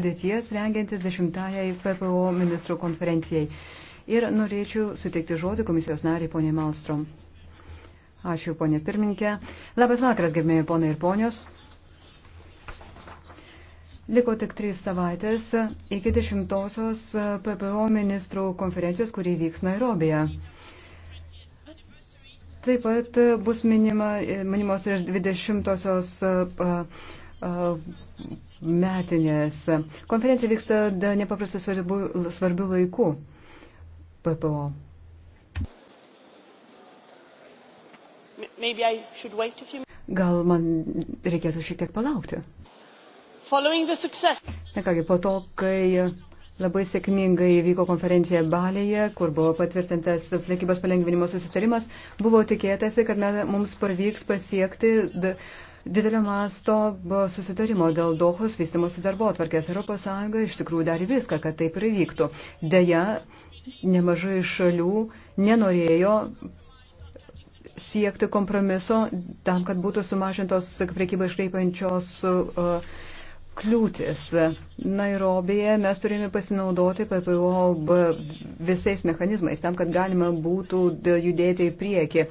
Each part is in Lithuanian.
padėties rengiantis dešimtajai PPO ministrų konferencijai. Ir norėčiau suteikti žodį komisijos nariai poniai Malstrom. Ačiū, ponė pirminkė. Labas vakaras, gerbėjai ponai ir ponios. Liko tik trys savaitės iki dešimtosios PPO ministrų konferencijos, kurį vyks Nairobija. Taip pat bus minima, minimos ir dvidešimtosios. Uh, metinės. Konferencija vyksta nepaprastai svarbių, svarbių laikų PPO. Gal man reikėtų šiek tiek palaukti. Na kągi, po to, kai labai sėkmingai vyko konferencija Balėje, kur buvo patvirtintas prekybos palengvinimo susitarimas, buvo tikėtasi, kad mes, mums pavyks pasiekti. Da, didelio masto susitarimo dėl Dohos vystimosi darbo atvarkės. Europos Sąjunga iš tikrųjų darė viską, kad taip ir vyktų. Deja, nemažai šalių nenorėjo siekti kompromiso tam, kad būtų sumažintos prekybą iškreipiančios uh, kliūtis. Nairobėje mes turėjome pasinaudoti PPO visais mechanizmais tam, kad galima būtų judėti į priekį.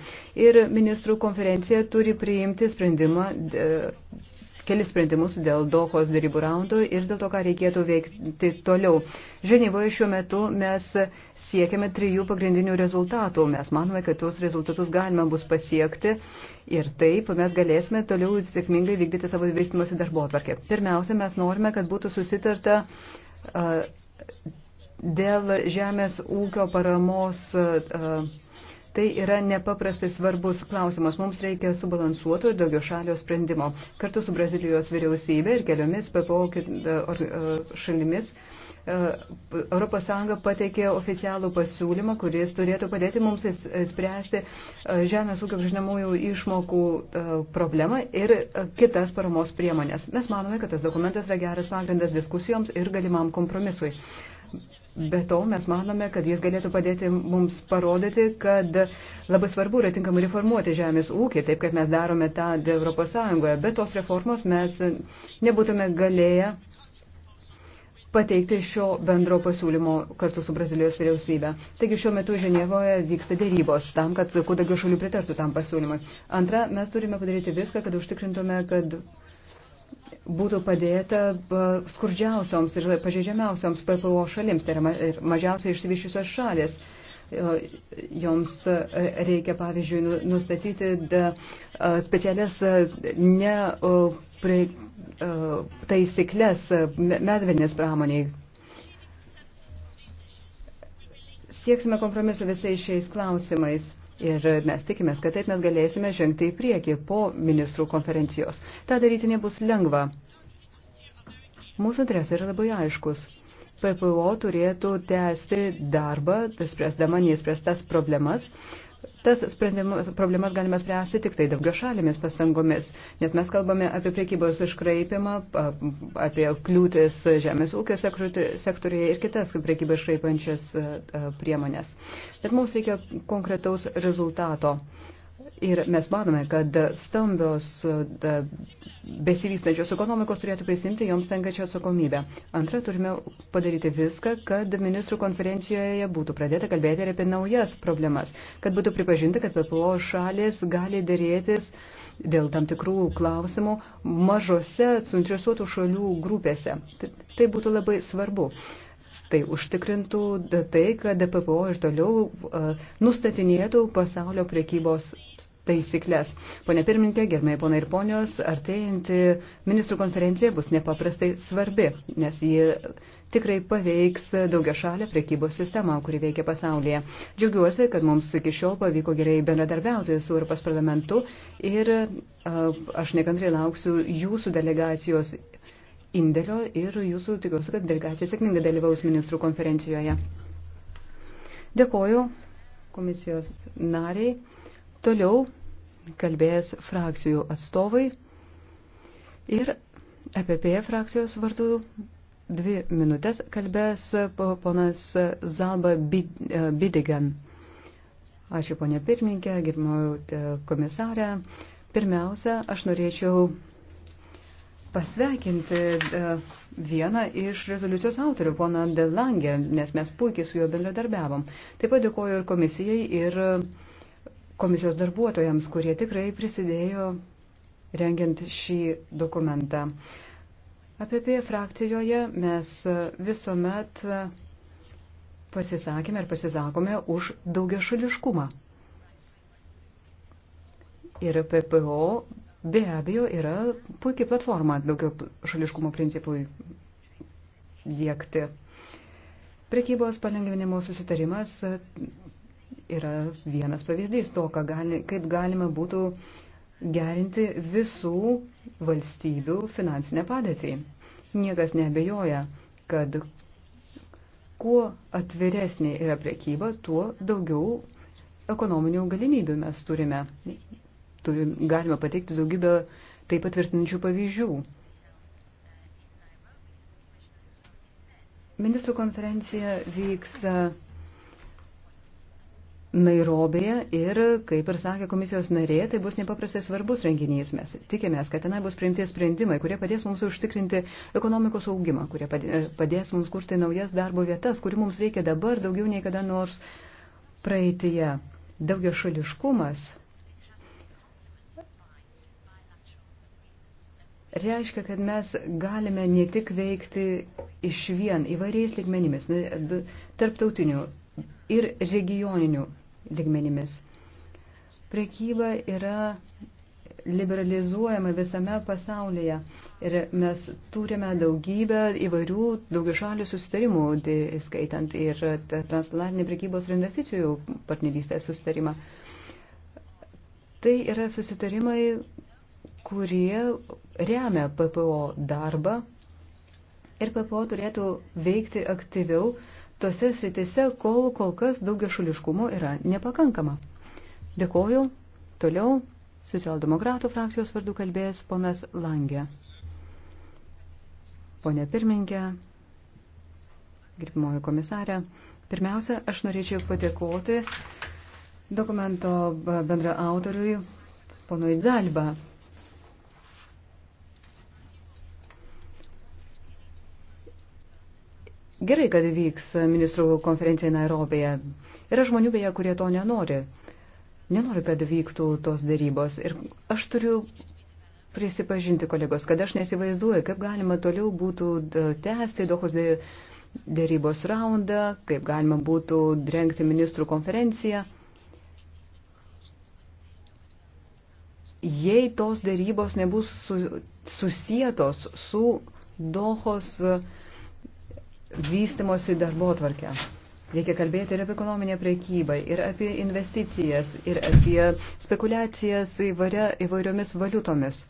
Ir ministrų konferencija turi priimti sprendimą kelis sprendimus dėl Dohos darybų raundo ir dėl to, ką reikėtų veikti toliau. Ženevoje šiuo metu mes siekiame trijų pagrindinių rezultatų. Mes manome, kad tuos rezultatus galima bus pasiekti ir taip mes galėsime toliau sėkmingai vykdyti savo vystymosi darbo atvarkę. Pirmiausia, mes norime, kad būtų susitarta. Uh, Dėl žemės ūkio paramos uh, Tai yra nepaprastai svarbus klausimas. Mums reikia subalansuoto ir daugiau šalio sprendimo. Kartu su Brazilijos vyriausybė ir keliomis PPO e, e, šalimis ES pateikė oficialų pasiūlymą, kuris turėtų padėti mums spręsti e, žemės ūkio žinamųjų išmokų problemą ir kitas paramos priemonės. Mes manome, kad tas dokumentas yra geras pagrindas diskusijoms ir galimam kompromisui. Be to, mes manome, kad jis galėtų padėti mums parodyti, kad labai svarbu yra tinkamai reformuoti žemės ūkį, taip kaip mes darome tą Europos Sąjungoje. Be tos reformos mes nebūtume galėję pateikti šio bendro pasiūlymo kartu su Brazilijos vyriausybė. Taigi šiuo metu Ženevoje vyksta dėrybos tam, kad kuo daugiau šalių pritartų tam pasiūlymui. Antra, mes turime padaryti viską, kad užtikrintume, kad būtų padėta skurdžiausioms ir pažeidžiamiausioms PPO šalims, tai yra ir mažiausiai išsivyščiusios šalis. Joms e, reikia, pavyzdžiui, nu, nustatyti specialias ne pre, taisyklės medvinės pramoniai. Sieksime kompromisu visais šiais klausimais. Ir mes tikimės, kad taip mes galėsime žengti į priekį po ministrų konferencijos. Ta daryti nebus lengva. Mūsų interesai yra labai aiškus. PPO turėtų tęsti darbą, spręsdama neįspręstas problemas Tas problemas galime spręsti tik tai daugio šalėmis pastangomis, nes mes kalbame apie priekybos iškraipimą, apie kliūtis žemės ūkio sektoriuje ir kitas priekybą iškraipančias priemonės. Bet mums reikia konkretaus rezultato. Ir mes manome, kad stambios besivystančios ekonomikos turėtų prisimti joms tenkačią atsakomybę. Antra, turime padaryti viską, kad ministrų konferencijoje būtų pradėta kalbėti ir apie naujas problemas, kad būtų pripažinta, kad PPO šalis gali dėrėtis dėl tam tikrų klausimų mažose suinteresuotų šalių grupėse. Tai, tai būtų labai svarbu. Tai užtikrintų tai, kad DPPO ir toliau nustatinėtų pasaulio priekybos taisyklės. Pone pirmininkė, gerbėjai ponai ir ponios, artėjanti ministrų konferencija bus nepaprastai svarbi, nes ji tikrai paveiks daugia šalę prekybos sistemą, kuri veikia pasaulyje. Džiaugiuosi, kad mums iki šiol pavyko gerai bendradarbiauti su Europos parlamentu ir aš nekantrai lauksiu jūsų delegacijos indėlio ir jūsų tikiuosi, kad delegacija sėkmingai dalyvaus ministrų konferencijoje. Dėkoju komisijos nariai. Toliau kalbės frakcijų atstovai ir EPP frakcijos vardu dvi minutės kalbės ponas Zalba e, Bidigan. Ačiū ponė pirmininkė, girmojau komisarę. Pirmiausia, aš norėčiau pasveikinti e, vieną iš rezoliucijos autorių, poną Delangę, nes mes puikiai su juo bendradarbiavom. Taip pat dėkoju ir komisijai, ir komisijos darbuotojams, kurie tikrai prisidėjo rengiant šį dokumentą. APP frakcijoje mes visuomet pasisakėme ir pasisakome už daugiašališkumą. Ir PPO be abejo yra puikiai platforma daugiašališkumo principui dėkti. Prekybos palengvinimo susitarimas yra vienas pavyzdys to, gali, kaip galima būtų gerinti visų valstybių finansinę padėtį. Niekas nebejoja, kad kuo atviresnė yra priekyba, tuo daugiau ekonominių galimybių mes turime. Turim, galime pateikti daugybę tai patvirtinančių pavyzdžių. Ministrų konferencija vyks Nairobėje ir, kaip ir sakė komisijos narė, tai bus nepaprastai svarbus renginys. Mes tikimės, kad tenai bus priimti sprendimai, kurie padės mums užtikrinti ekonomikos augimą, kurie padės mums kurti naujas darbo vietas, kurių mums reikia dabar daugiau nei kada nors praeitėje. Daugia šališkumas reiškia, kad mes galime ne tik veikti iš vien įvairiais ligmenimis, tarptautiniu ir regioniniu digmenimis. Prekyba yra liberalizuojama visame pasaulyje ir mes turime daugybę įvairių daugiašalių susitarimų, tai skaitant ir transatlantinį prekybos ir investicijų partnerystės susitarimą. Tai yra susitarimai, kurie remia PPO darbą ir PPO turėtų veikti aktyviau tose sritise, kol kol kas daugia šališkumo yra nepakankama. Dėkoju. Toliau socialdemokratų frakcijos vardu kalbės ponas Langė. Pone pirmininkė, gerbimoji komisarė, pirmiausia, aš norėčiau padėkoti dokumento bendra autoriui, ponui Dzalba, Gerai, kad vyks ministrų konferencija Nairobėje. Yra žmonių beje, kurie to nenori. Nenori, kad vyktų tos darybos. Ir aš turiu prisipažinti, kolegos, kad aš nesivaizduoju, kaip galima toliau būtų tęsti Dohos dėrybos raundą, kaip galima būtų drengti ministrų konferenciją. Jei tos dėrybos nebus su, susietos su Dohos dėrybos, vystimosi darbo atvarkę. Reikia kalbėti ir apie ekonominę priekybą, ir apie investicijas, ir apie spekulacijas įvairia, įvairiomis valiutomis.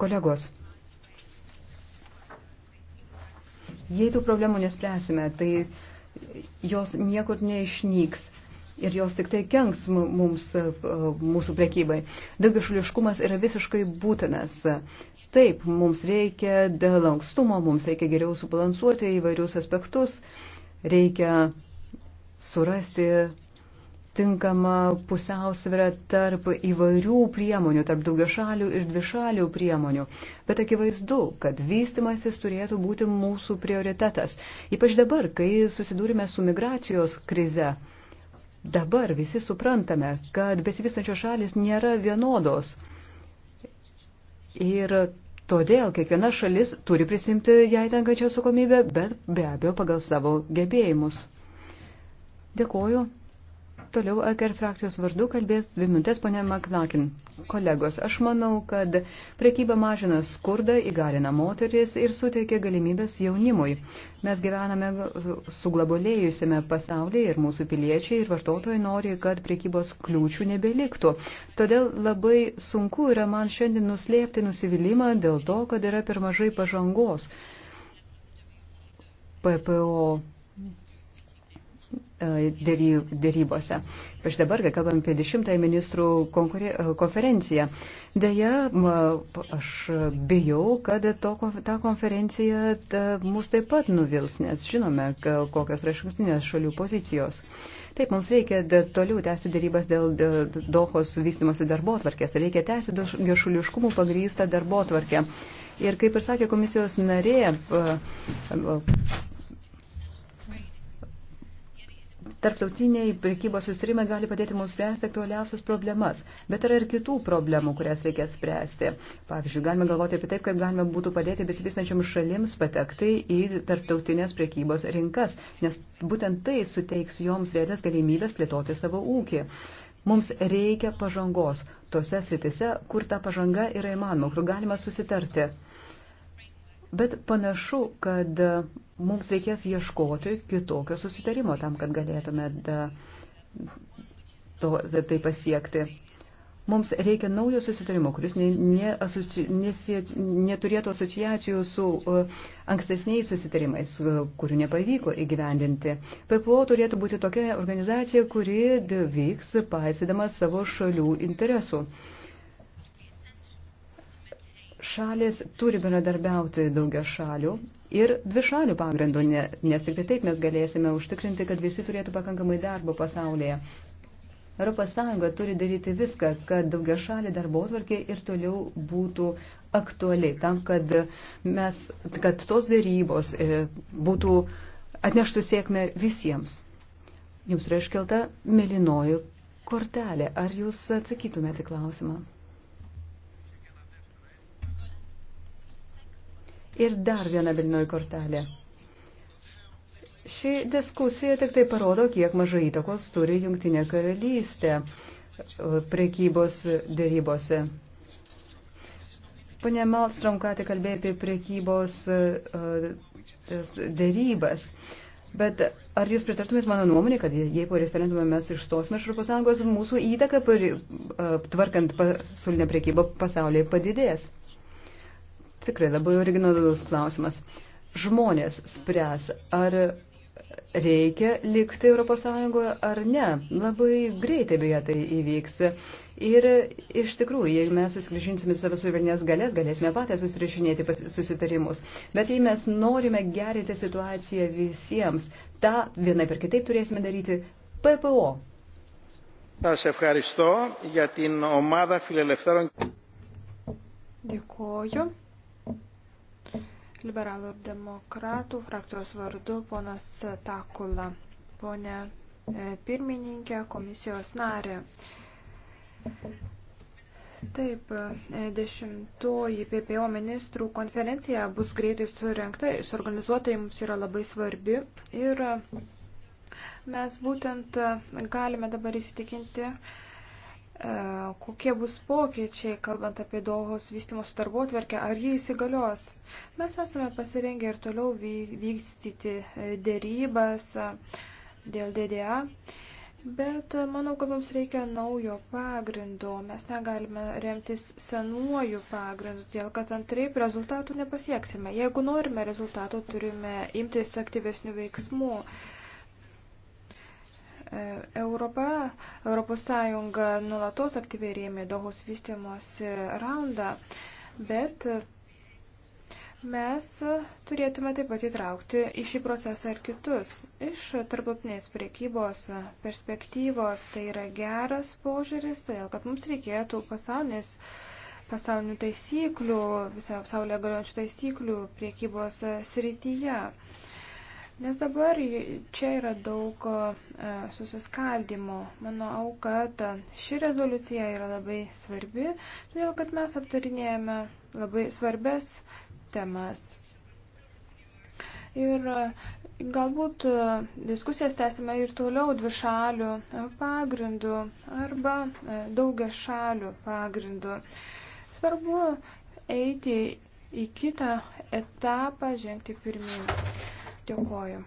Kolegos, jei tų problemų nespręsime, tai jos niekur neišnyks ir jos tik tai kenks mums, mūsų priekybai. Daugiašališkumas yra visiškai būtinas. Taip, mums reikia lankstumo, mums reikia geriau subalansuoti įvairius aspektus, reikia surasti tinkamą pusiausvyrą tarp įvairių priemonių, tarp daugiašalių ir dvišalių priemonių. Bet akivaizdu, kad vystimasis turėtų būti mūsų prioritetas. Ypač dabar, kai susidūrime su migracijos krize. Dabar visi suprantame, kad besivystančios šalis nėra vienodos Ir todėl kiekviena šalis turi prisimti jai tenkančią atsakomybę, bet be abejo pagal savo gebėjimus. Dėkuoju. Toliau AKR frakcijos vardu kalbės dvi minutės ponė Maklakin. Kolegos, aš manau, kad prekyba mažina skurdą, įgalina moteris ir suteikia galimybės jaunimui. Mes gyvename suglabolėjusiame pasaulyje ir mūsų piliečiai ir vartotojai nori, kad prekybos kliūčių nebeliktų. Todėl labai sunku yra man šiandien nuslėpti nusivylimą dėl to, kad yra per mažai pažangos. PPO E, dėrybose. Aš dabar, kai kalbam apie 10 ministrų e, konferenciją, dėja, aš bijau, kad to, ta konferencija ta, mus taip pat nuvils, nes žinome, kokios yra išankstinės šalių pozicijos. Taip, mums reikia toliau tęsti dėrybas dėl Dohos vystimosi darbo atvarkės, reikia tęsti viršuliškumų pagrįstą darbo atvarkę. Ir kaip ir sakė komisijos narė, e, tarptautiniai prekybos sustarimai gali padėti mums spręsti aktualiausias problemas, bet yra ir kitų problemų, kurias reikia spręsti. Pavyzdžiui, galime galvoti apie taip, kaip galime būtų padėti besivystančiam šalims patekti į tarptautinės prekybos rinkas, nes būtent tai suteiks joms realias galimybės plėtoti savo ūkį. Mums reikia pažangos tose sritise, kur ta pažanga yra įmanoma, kur galima susitarti. Bet panašu, kad e, mums reikės ieškoti kitokio susitarimo tam, kad galėtume da, e, to, da, e, tai pasiekti. Mums reikia naujo susitarimo, kuris ne, ne, asoci, nesie, neturėtų asociacijų su uh, ankstesniais susitarimais, uh, kurių nepavyko įgyvendinti. PPO turėtų būti tokia organizacija, kuri vyks paisydama savo šalių interesų. Uh, šalis turi bendradarbiauti daugia šalių ir dvišalių pagrindų, nes tik tai taip mes galėsime užtikrinti, kad visi turėtų pakankamai darbo pasaulyje. ES turi daryti viską, kad daugia šalį darbo atvarkė ir toliau būtų aktuali, tam, kad, mes, kad tos darybos e, būtų atneštų sėkmę visiems. Jums yra iškelta melinoji kortelė. Ar jūs atsakytumėte klausimą? Ir dar viena Vilnioji kortelė. Ši diskusija tik tai parodo, kiek mažai įtakos turi Jungtinė karalystė e, prekybos dėrybose. Pane Malstrom ką tik kalbėjo apie prekybos e, e, dėrybas. Bet ar jūs pritartumėt mano nuomonė, kad jei po referendumo mes išstosime iš Europos Sąjungos, mūsų įtaka tvarkant pasaulinę prekybą pasaulyje padidės? Tikrai labai originalus klausimas. Žmonės spręs, ar reikia likti ES ar ne. Labai greitai beje tai įvyks. Ir iš tikrųjų, jeigu mes susigražinsime savo suverenės galės, galėsime patys susirašinėti susitarimus. Bet jei mes norime gerinti situaciją visiems, tą vienai per kitaip turėsime daryti PPO. Σας ευχαριστώ για την ομάδα φιλελευθέρων. Dėkoju. Liberalų ir demokratų frakcijos vardu ponas Takula. Pone e, pirmininkė, komisijos narė. Taip, e, dešimtoji PPO ministrų konferencija bus greitai surinkta, suorganizuota, jums yra labai svarbi ir mes būtent galime dabar įsitikinti, E, kokie bus pokyčiai, kalbant apie Dohos vystimos darbo tvarkę, ar jie įsigalios. Mes esame pasirengę ir toliau vykstyti e, dėrybas e, dėl DDA, bet manau, kad mums reikia naujo pagrindo. Mes negalime remtis senuoju pagrindu, dėl kad antraip rezultatų nepasieksime. Jeigu norime rezultatų, turime imtis aktyvesnių veiksmų. Europa, Europos Sąjunga nulatos aktyviai rėmė Dohos vystimosi raundą, bet mes turėtume taip pat įtraukti į šį procesą ir kitus. Iš tarptautinės priekybos perspektyvos tai yra geras požiūris, todėl kad mums reikėtų pasaulinės pasaulinių taisyklių, visą pasaulio galiojančių taisyklių priekybos srityje. Nes dabar čia yra daug e, susiskaldimo. Manau, kad e, ši rezoliucija yra labai svarbi, todėl kad mes aptarinėjame labai svarbės temas. Ir e, galbūt diskusijas tęsime ir toliau dvišalių pagrindų arba daugia šalių pagrindų. Svarbu eiti į kitą etapą, žengti pirmyn. Dėkoju.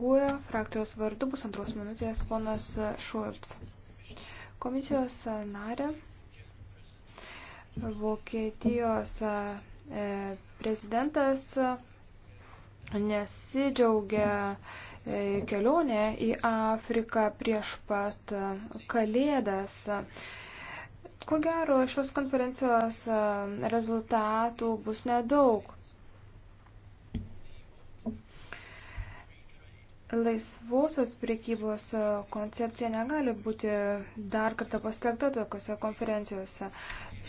Guoja frakcijos vardu bus antros minutės ponas Šulc. Komisijos narė Vokietijos e, prezidentas nesidžiaugia e, kelionė į Afriką prieš pat kalėdas. Ko gero, šios konferencijos e, rezultatų bus nedaug. Laisvosios priekybos e, koncepcija negali būti dar kartą pastelgta tokiuose konferencijose.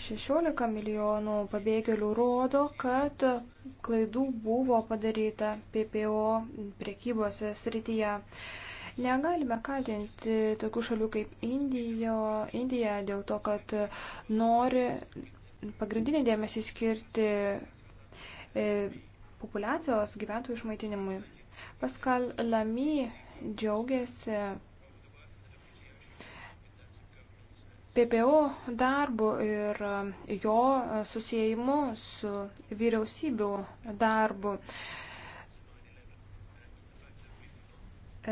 16 milijonų pabėgėlių rodo, kad klaidų buvo padaryta PPO priekybos srityje. Negalime kaltinti tokių šalių kaip Indijo, Indija dėl to, kad nori pagrindinį dėmesį skirti e, populacijos gyventojų išmaitinimui. Pascal Lamy džiaugiasi PPO darbu ir jo susijimu su vyriausybių darbu.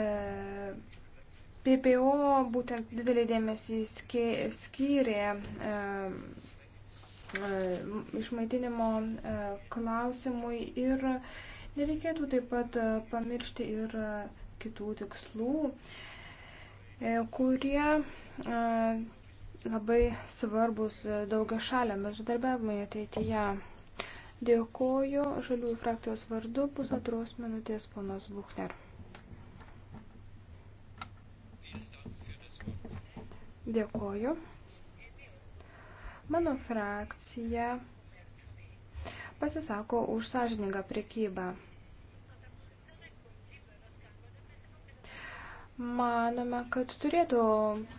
E, PPO būtent didelį dėmesį skyrė e, e, išmaitinimo klausimui ir Nereikėtų taip pat e, pamiršti ir e, kitų tikslų, e, kurie labai svarbus daugia šaliam bendradarbiavimui ateityje. Dėkoju žaliųjų frakcijos vardu pusantros minutės ponas Buchner. Dėkoju. Mano frakcija pasisako už sąžiningą prekybą. Manome, kad turėtų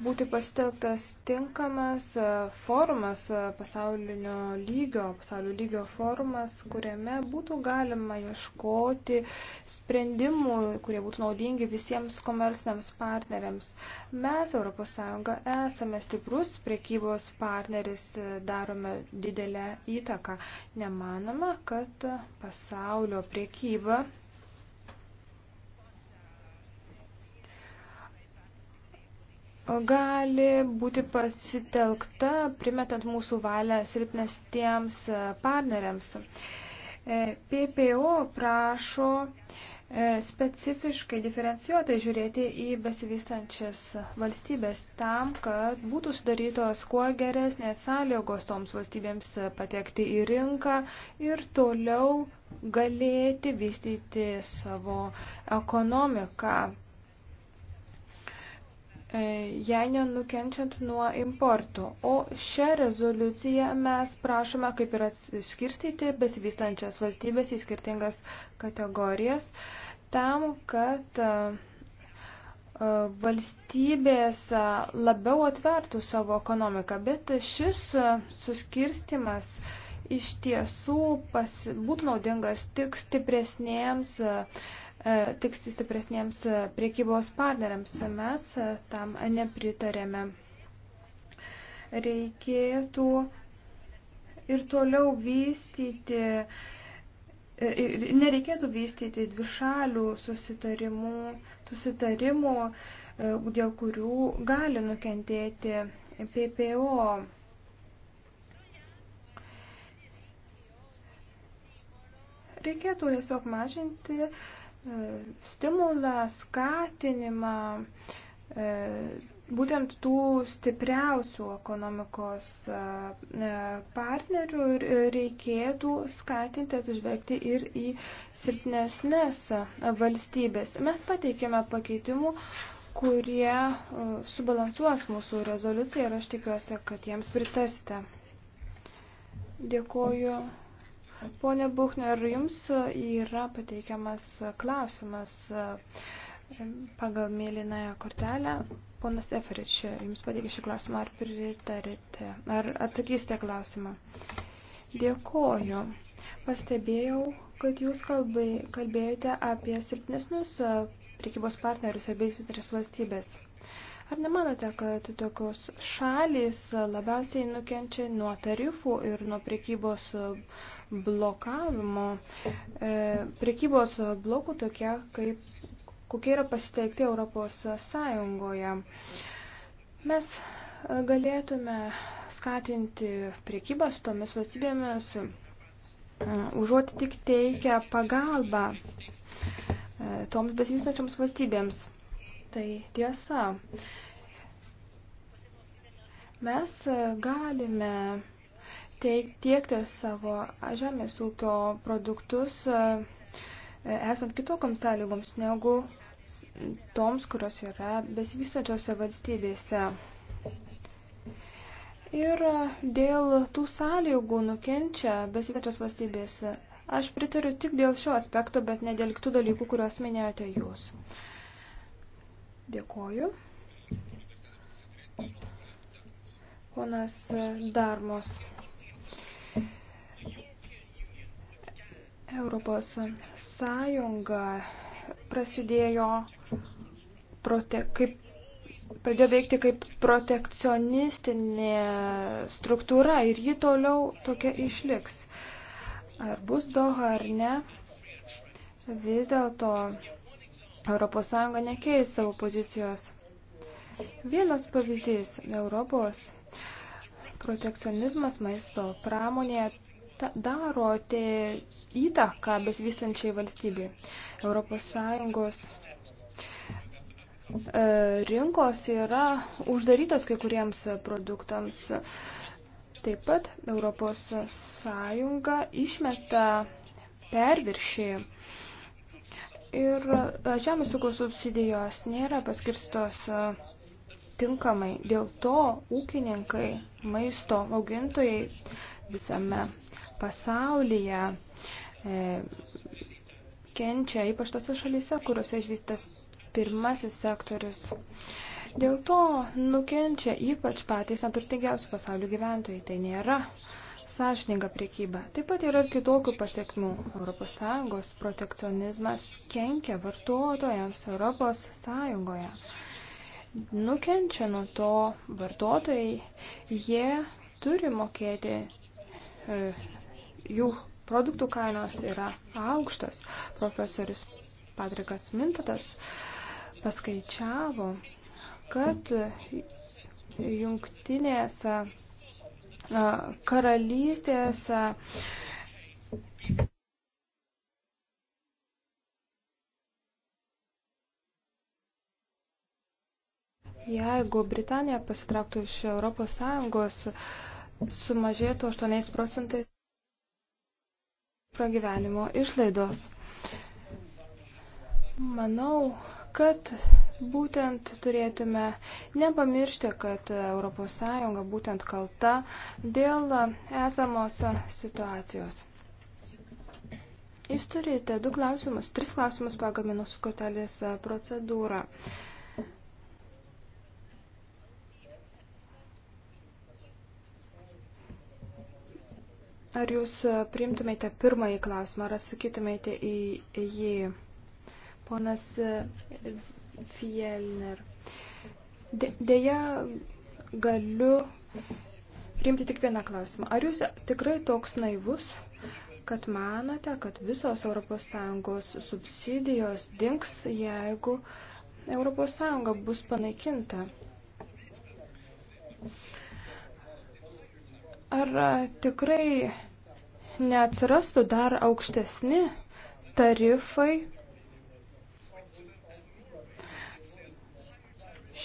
būti pasitelktas tinkamas e, forumas e, pasaulinio lygio, pasaulio lygio forumas, kuriame būtų galima ieškoti sprendimų, kurie būtų naudingi visiems komerciniams partneriams. Mes, ES, esame stiprus priekybos partneris, e, darome didelę įtaką. Nemanome, kad pasaulio priekyba gali būti pasitelkta, primetant mūsų valią silpnestiems e, partneriams. E, PPO prašo e, specifiškai diferencijuotai žiūrėti į besivystančias valstybės tam, kad būtų sudarytos kuo geresnės sąlygos toms valstybėms patekti į rinką ir toliau galėti vystyti savo ekonomiką. E, jei nenukenčiant nuo importų. O šią rezoliuciją mes prašome kaip ir atskirstyti besivystančias valstybės į skirtingas kategorijas, tam, kad e, e, valstybės labiau atvertų savo ekonomiką, bet šis suskirstimas iš tiesų pasi, būtų naudingas tik stipresnėms uh, E, tiks stipresniems e, priekybos partneriams. Mes e, tam nepritarėme. Reikėtų ir toliau vystyti, nereikėtų vystyti dvišalių susitarimų, susitarimų, dėl kurių gali nukentėti PPO. Reikėtų tiesiog mažinti uh, stimulą, skatinimą e, būtent tų stipriausių ekonomikos e, e, partnerių reikėtų skatinti atsižvelgti ir į silpnesnės valstybės. Mes pateikėme pakeitimų, kurie subalansuos mūsų rezoliuciją ir aš tikiuosi, kad jiems pritarsite. Dėkuoju. Pone Buchner, jums yra pateikiamas klausimas e, pagal mėlynąją kortelę. Ponas Eferič, jums pateikė šį klausimą, ar pritarite, ar atsakysite klausimą. Dėkoju. Pastebėjau, kad jūs kalbai, kalbėjote apie silpnesnius e, prekybos partnerius ir beitvisdarės valstybės. Ar nemanote, kad tokios šalys labiausiai nukenčia nuo tarifų ir nuo prekybos blokavimo, e, prekybos blokų tokie, kaip, kokie yra pasitelkti Europos Sąjungoje. Mes e, galėtume skatinti priekybą su tomis valstybėmis, e, užuot tik teikia pagalbą toms besivystačioms valstybėms. Tai tiesa. Mes galime teik, tiekti savo žemės ūkio produktus e, esant kitokiams sąlygoms negu toms, kurios yra besivystančiose valstybėse. Ir dėl tų sąlygų nukenčia besivystančios valstybės. Aš pritariu tik dėl šio aspekto, bet ne dėl kitų dalykų, kuriuos minėjote jūs. Dėkoju. Ponas Darmos. Europos Sąjunga prasidėjo prote, kaip pradėjo veikti kaip protekcionistinė struktūra ir ji toliau tokia išliks. Ar bus Doha ar ne, vis dėlto ES nekeis savo pozicijos. Vienas pavyzdys Europos protekcionizmas maisto pramonėje darote įtaką besivystančiai valstybei. Europos Sąjungos e, rinkos yra uždarytos kai kuriems produktams. Taip pat Europos Sąjunga išmeta perviršį ir žemės ūkio subsidijos nėra paskirstos e, tinkamai. Dėl to ūkininkai, maisto augintojai visame pasaulyje e, kenčia, ypač tose šalyse, kuriuose išvystas pirmasis sektorius. Dėl to nukenčia ypač patys neturtingiausių pasaulio gyventojai. Tai nėra sąžininga priekyba. Taip pat yra ir kitokių pasiekmių. ES protekcionizmas kenkia vartotojams ES. Nukenčia nuo to vartotojai, jie turi mokėti e, jų produktų kainos yra aukštos. Profesorius Patrikas Mintatas paskaičiavo, kad jungtinėse karalystėse Jeigu Britanija pasitrauktų iš Europos Sąjungos, sumažėtų 8 procentais pragyvenimo išlaidos. Manau, kad būtent turėtume nepamiršti, kad ES būtent kalta dėl esamos situacijos. Jūs turite du klausimus, tris klausimus pagal minus kortelės procedūrą. Uh, Ar jūs e, priimtumėte pirmąjį klausimą, ar atsakytumėte į jį? Ponas e, Fielner. Deja, galiu priimti tik vieną klausimą. Ar jūs tikrai toks naivus, kad manote, kad visos ES subsidijos dinks, jeigu ES bus panaikinta? Ar e, tikrai neatsirastų dar aukštesni tarifai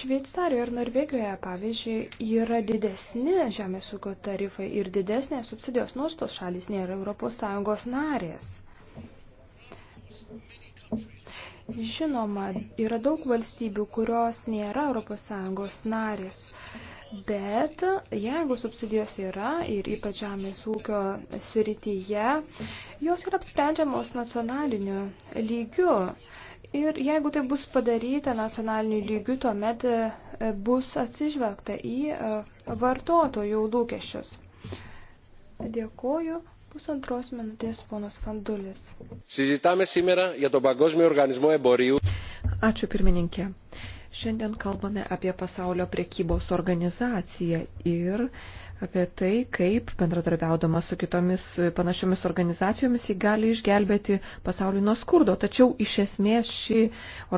Šveicarijoje ir Norvegijoje, pavyzdžiui, yra didesni žemės ūkio tarifai ir didesnės subsidijos, nors tos šalis nėra ES narės. Žinoma, yra daug valstybių, kurios nėra ES narės. Bet jeigu subsidijos yra ir ypač žemės ūkio srityje, jos yra apsprendžiamos nacionaliniu lygiu. Ir jeigu tai bus padaryta nacionaliniu lygiu, tuomet e, bus atsižvelgta į e, vartotojų lūkesčius. Dėkuoju. Pusantros minutės ponas Fandulis. Ačiū pirmininkė. Šiandien kalbame apie pasaulio priekybos organizaciją ir apie tai, kaip bendradarbiaudama su kitomis panašiomis organizacijomis jį gali išgelbėti pasaulį nuo skurdo. Tačiau iš esmės ši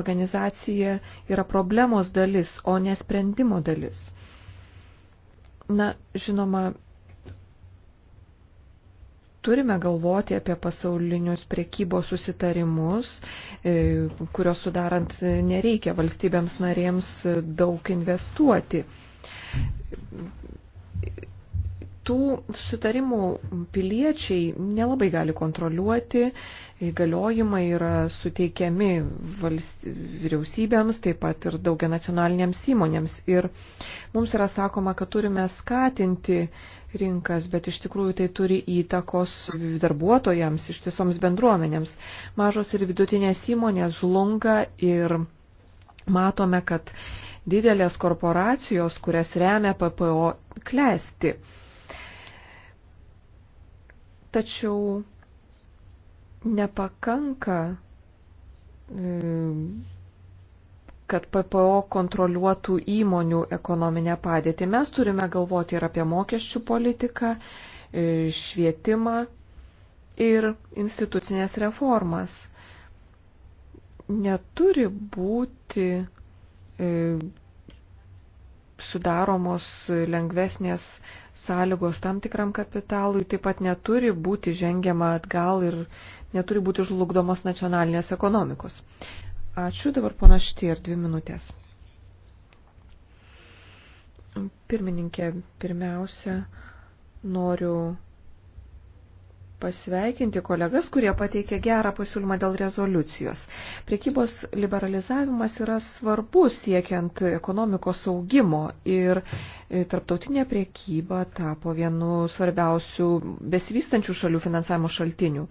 organizacija yra problemos dalis, o ne sprendimo dalis. Na, žinoma, turime galvoti apie pasaulinius priekybos susitarimus, e, kurios sudarant nereikia valstybėms narėms daug investuoti. Tų susitarimų piliečiai nelabai gali kontroliuoti, įgaliojimai yra suteikiami vyriausybėms, taip pat ir daugia nacionalinėms įmonėms. Ir mums yra sakoma, kad turime skatinti rinkas, bet iš tikrųjų tai turi įtakos darbuotojams, ištisoms bendruomenėms. Mažos ir vidutinės įmonės žlunga ir matome, kad didelės korporacijos, kurias remia PPO, klesti. Tačiau nepakanka e, kad PPO kontroliuotų įmonių ekonominę padėtį. Mes turime galvoti ir apie mokesčių politiką, e, švietimą ir institucinės reformas. Neturi būti e, sudaromos lengvesnės sąlygos tam tikram kapitalui, taip pat neturi būti žengiama atgal ir neturi būti žlugdomos nacionalinės ekonomikos. Ačiū, dabar pana Štir, dvi minutės. Pirmininkė, pirmiausia, noriu pasveikinti kolegas, kurie pateikė gerą pasiūlymą dėl rezoliucijos. Priekybos liberalizavimas yra svarbus siekiant ekonomikos augimo ir e, tarptautinė priekyba tapo vienu svarbiausių besivystančių šalių finansavimo šaltinių.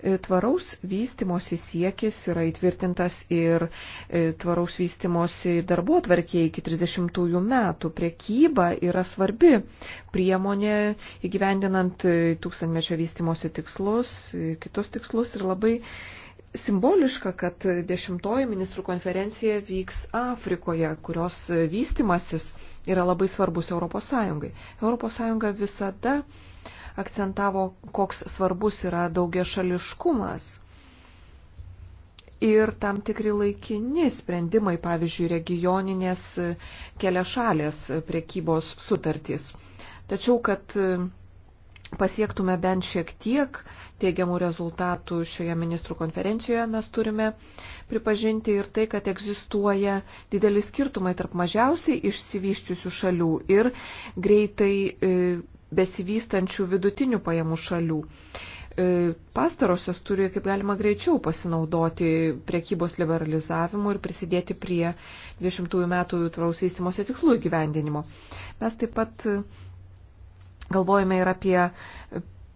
E, tvaraus vystimosi siekis yra įtvirtintas ir e, tvaraus vystimosi darbo tvarkėje iki 30 metų. Priekyba yra svarbi priemonė įgyvendinant e, tūkstantmečio vystimosi tikslus, kitus tikslus ir labai simboliška, kad dešimtoji ministrų konferencija vyks Afrikoje, kurios vystimasis yra labai svarbus ES. ES visada akcentavo, koks svarbus yra daugia šališkumas. Ir tam tikri laikini sprendimai, pavyzdžiui, regioninės keliašalės priekybos sutartys. Tačiau, kad pasiektume bent šiek tiek teigiamų rezultatų šioje ministrų konferencijoje, mes turime pripažinti ir tai, kad egzistuoja dideli skirtumai tarp mažiausiai išsivyščiusių šalių ir greitai e, besivystančių vidutinių pajamų šalių. E, pastarosios turi kaip galima greičiau pasinaudoti priekybos liberalizavimu ir prisidėti prie 20 metų tvaraus įsimosi tikslų įgyvendinimo. Mes taip pat galvojame ir apie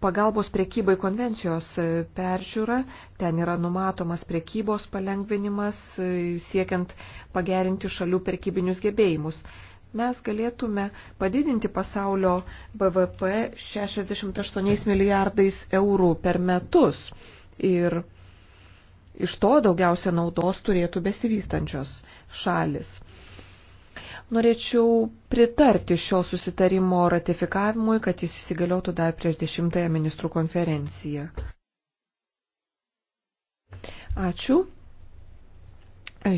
pagalbos priekybai konvencijos peržiūra. Ten yra numatomas priekybos palengvinimas, siekiant pagerinti šalių prekybinius gebėjimus mes galėtume padidinti pasaulio BVP 68 milijardais eurų per metus. Ir iš to daugiausia naudos turėtų besivystančios šalis. Norėčiau pritarti šio susitarimo ratifikavimui, kad jis įsigaliotų dar prieš dešimtąją ministrų konferenciją. Ačiū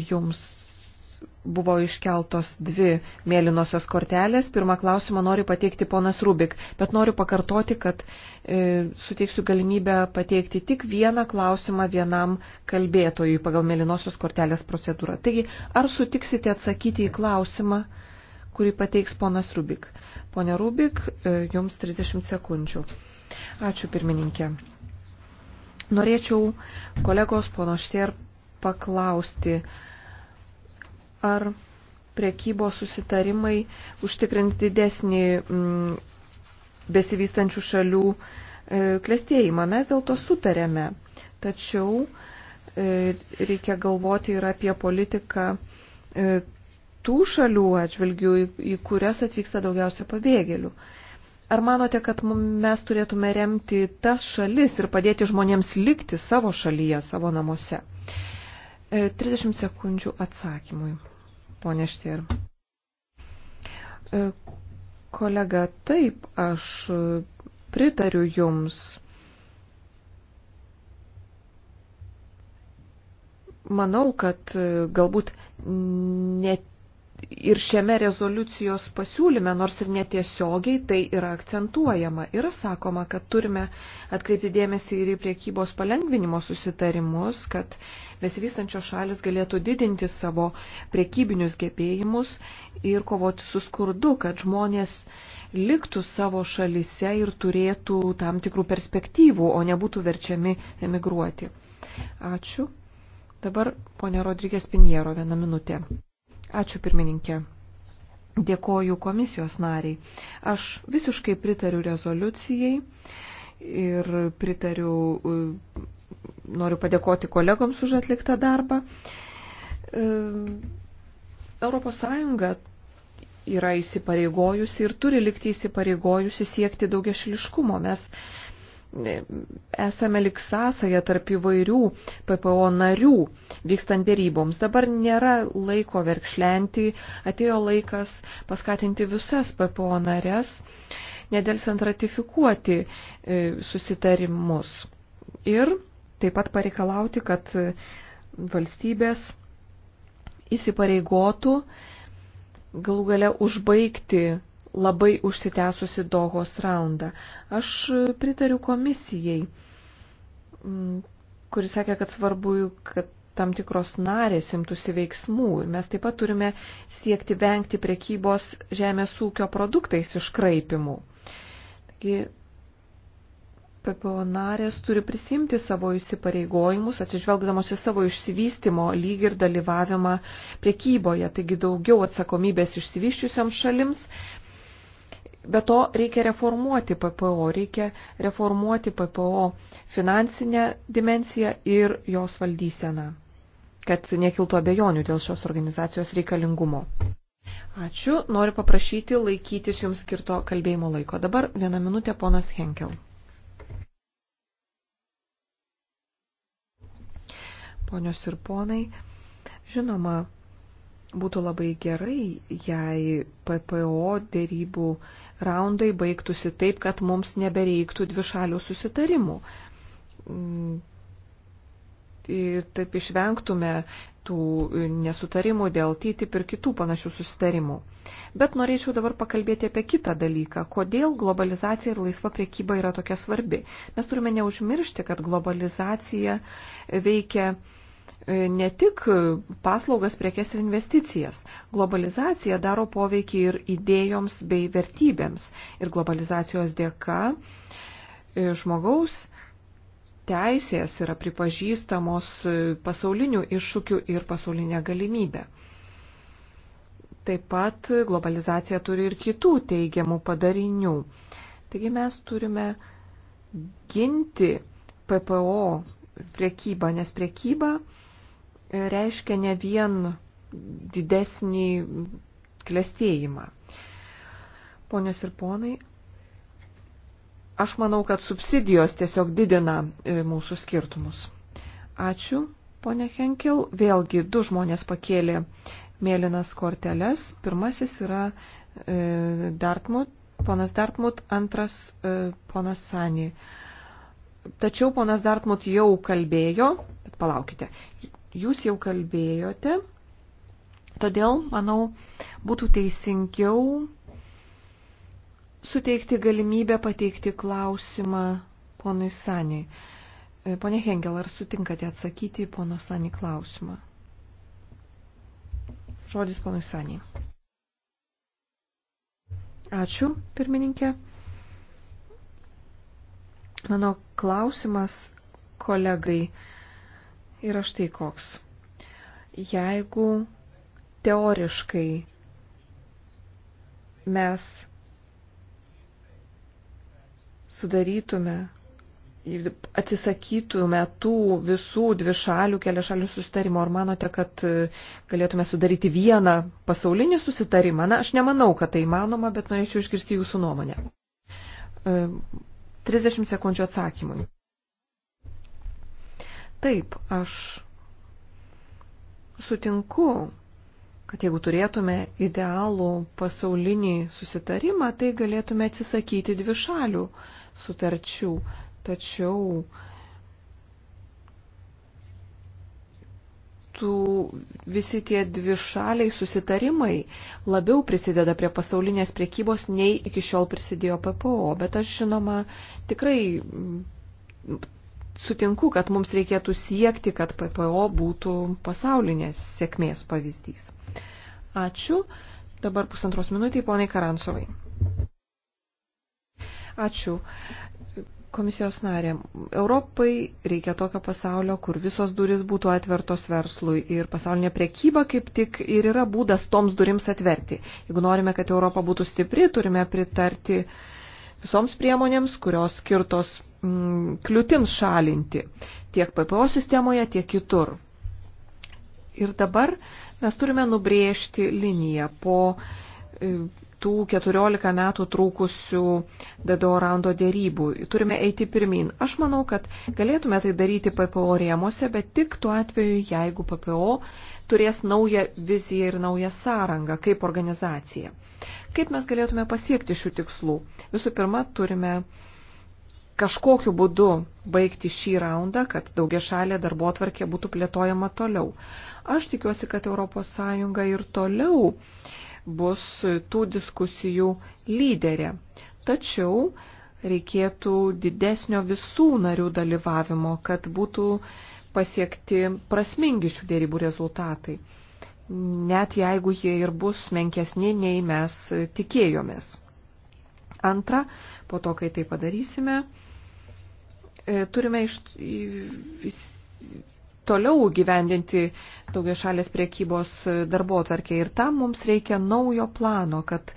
Jums buvo iškeltos dvi mėlynosios kortelės. Pirmą klausimą noriu pateikti ponas Rubik, bet noriu pakartoti, kad e, suteiksiu galimybę pateikti tik vieną klausimą vienam kalbėtojui pagal mėlynosios kortelės procedūrą. Taigi, ar sutiksite atsakyti į klausimą, kurį pateiks ponas Rubik? Pone Rubik, e, jums 30 sekundžių. Ačiū pirmininkė. Norėčiau kolegos pono Šter paklausti, ar priekybos susitarimai užtikrins didesnį m, mm, besivystančių šalių e, klėstėjimą. Mes dėl to sutarėme, tačiau e, reikia galvoti ir apie politiką e, tų šalių atžvilgių, į, į kurias atvyksta daugiausia pabėgėlių. Ar manote, kad mes turėtume remti tas šalis ir padėti žmonėms likti savo šalyje, savo namuose? 30 e, sekundžių atsakymui ponė Štir. E, kolega, taip, aš pritariu Jums. Manau, kad e, galbūt net ir šiame rezoliucijos pasiūlyme, nors ir netiesiogiai, tai yra akcentuojama. Yra sakoma, kad turime atkreipti dėmesį ir į priekybos palengvinimo susitarimus, kad besivystančios šalis galėtų didinti savo priekybinius gebėjimus ir kovoti su skurdu, kad žmonės liktų savo šalise ir turėtų tam tikrų perspektyvų, o nebūtų verčiami emigruoti. Ačiū. Dabar ponia Rodrygės Pinjero vieną minutę. Ačiū pirmininkė. Dėkoju komisijos nariai. Aš visiškai pritariu rezoliucijai ir pritariu, e, noriu padėkoti kolegoms už atliktą darbą. E, Europos Sąjunga yra įsipareigojusi ir turi likti įsipareigojusi siekti daugiašiliškumo. Mes esame lik sąsaja tarp įvairių PPO narių vykstant dėryboms. Dabar nėra laiko verkšlenti, atėjo laikas paskatinti visas PPO narės, nedelsiant ratifikuoti e, susitarimus ir taip pat pareikalauti, kad e, valstybės įsipareigotų galų gale užbaigti labai užsitęsusi Dohos raundą. Aš pritariu komisijai, mm, kuri sakė, kad svarbu, kad tam tikros narės imtųsi veiksmų. Ir mes taip pat turime siekti vengti prekybos žemės ūkio produktais iškraipimų. Taigi, PPO narės turi prisimti savo įsipareigojimus, atsižvelgdamos į savo išsivystimo lygį ir dalyvavimą priekyboje, taigi daugiau atsakomybės išsivyščiusiam šalims, Be to reikia reformuoti PPO, reikia reformuoti PPO finansinę dimenciją ir jos valdyseną, kad nekiltų abejonių dėl šios organizacijos reikalingumo. Ačiū, noriu paprašyti laikytis jums skirto kalbėjimo laiko. Dabar vieną minutę ponas Henkel. Ponios ir ponai, žinoma, būtų labai gerai, jei PPO dėrybų raundai baigtųsi taip, kad mums nebereiktų dvišalių susitarimų. Mm. Ir taip išvengtume tų nesutarimų dėl TTIP ir kitų panašių susitarimų. Bet norėčiau dabar pakalbėti apie kitą dalyką, kodėl globalizacija ir laisva priekyba yra tokia svarbi. Mes turime neužmiršti, kad globalizacija veikia E, ne tik paslaugas, prekes ir investicijas. Globalizacija daro poveikį ir idėjoms bei vertybėms. Ir globalizacijos dėka e, žmogaus teisės yra pripažįstamos pasaulinių iššūkių ir pasaulinė galimybė. Taip pat globalizacija turi ir kitų teigiamų padarinių. Taigi mes turime ginti PPO priekybą, nes priekyba reiškia ne vien didesnį klestėjimą. Ponios ir ponai, aš manau, kad subsidijos tiesiog didina e, mūsų skirtumus. Ačiū, ponė Henkel. Vėlgi du žmonės pakėlė mėlynas korteles. Pirmasis yra e, Dartmut, ponas Dartmut, antras e, ponas Sani. Tačiau ponas Dartmut jau kalbėjo, bet palaukite, Jūs jau kalbėjote, todėl, manau, būtų teisingiau suteikti galimybę pateikti klausimą ponui Saniai. E, pone Hengel, ar sutinkate atsakyti į pono Sanį klausimą? Žodis ponui Sanį. Ačiū, pirmininkė. Mano klausimas kolegai yra štai koks. Jeigu teoriškai mes sudarytume ir atsisakytume tų visų dvišalių, keliašalių susitarimo, ar manote, kad galėtume sudaryti vieną pasaulinį susitarimą? Na, aš nemanau, kad tai įmanoma, bet norėčiau išgirsti jūsų nuomonę. 30 e, sekundžių atsakymui. Taip, aš sutinku, kad jeigu turėtume idealų pasaulinį susitarimą, tai galėtume atsisakyti dvi šalių sutarčių. Tačiau tų visi tie dvi šaliai susitarimai labiau prisideda prie pasaulinės priekybos, nei iki šiol prisidėjo PPO. Bet aš žinoma tikrai sutinku, kad mums reikėtų siekti, kad PPO būtų pasaulinės sėkmės pavyzdys. Ačiū. Dabar pusantros minutį, poniai Karantsovai. Ačiū. Komisijos narė, Europai reikia tokio pasaulio, kur visos duris būtų atvertos verslui ir pasaulinė priekyba kaip tik ir yra būdas toms durims atverti. Jeigu norime, kad Europa būtų stipri, turime pritarti uh, visoms priemonėms, kurios skirtos mm, kliūtims šalinti tiek PPO sistemoje, tiek kitur. Ir dabar mes turime nubrėžti liniją po e, tų 14 metų trūkusių DDO raundo dėrybų. Turime eiti pirmin. Aš manau, kad galėtume tai daryti PPO rėmose, bet tik tuo atveju, jeigu PPO turės naują viziją ir naują sąrangą kaip organizacija. Kaip mes galėtume pasiekti šių tikslų? Visų pirma, turime kažkokiu būdu baigti šį raundą, kad daugia šalė darbo atvarkė būtų plėtojama toliau. Aš tikiuosi, kad ES ir toliau bus tų diskusijų lyderė. Tačiau reikėtų didesnio visų narių dalyvavimo, kad būtų pasiekti prasmingi šių dėrybų rezultatai, net jeigu jie ir bus menkesni, nei mes tikėjomės. Antra, po to, kai tai padarysime, e, turime iš, toliau gyvendinti daugia šalės priekybos darbo atvarkė. Ir tam mums reikia naujo plano, kad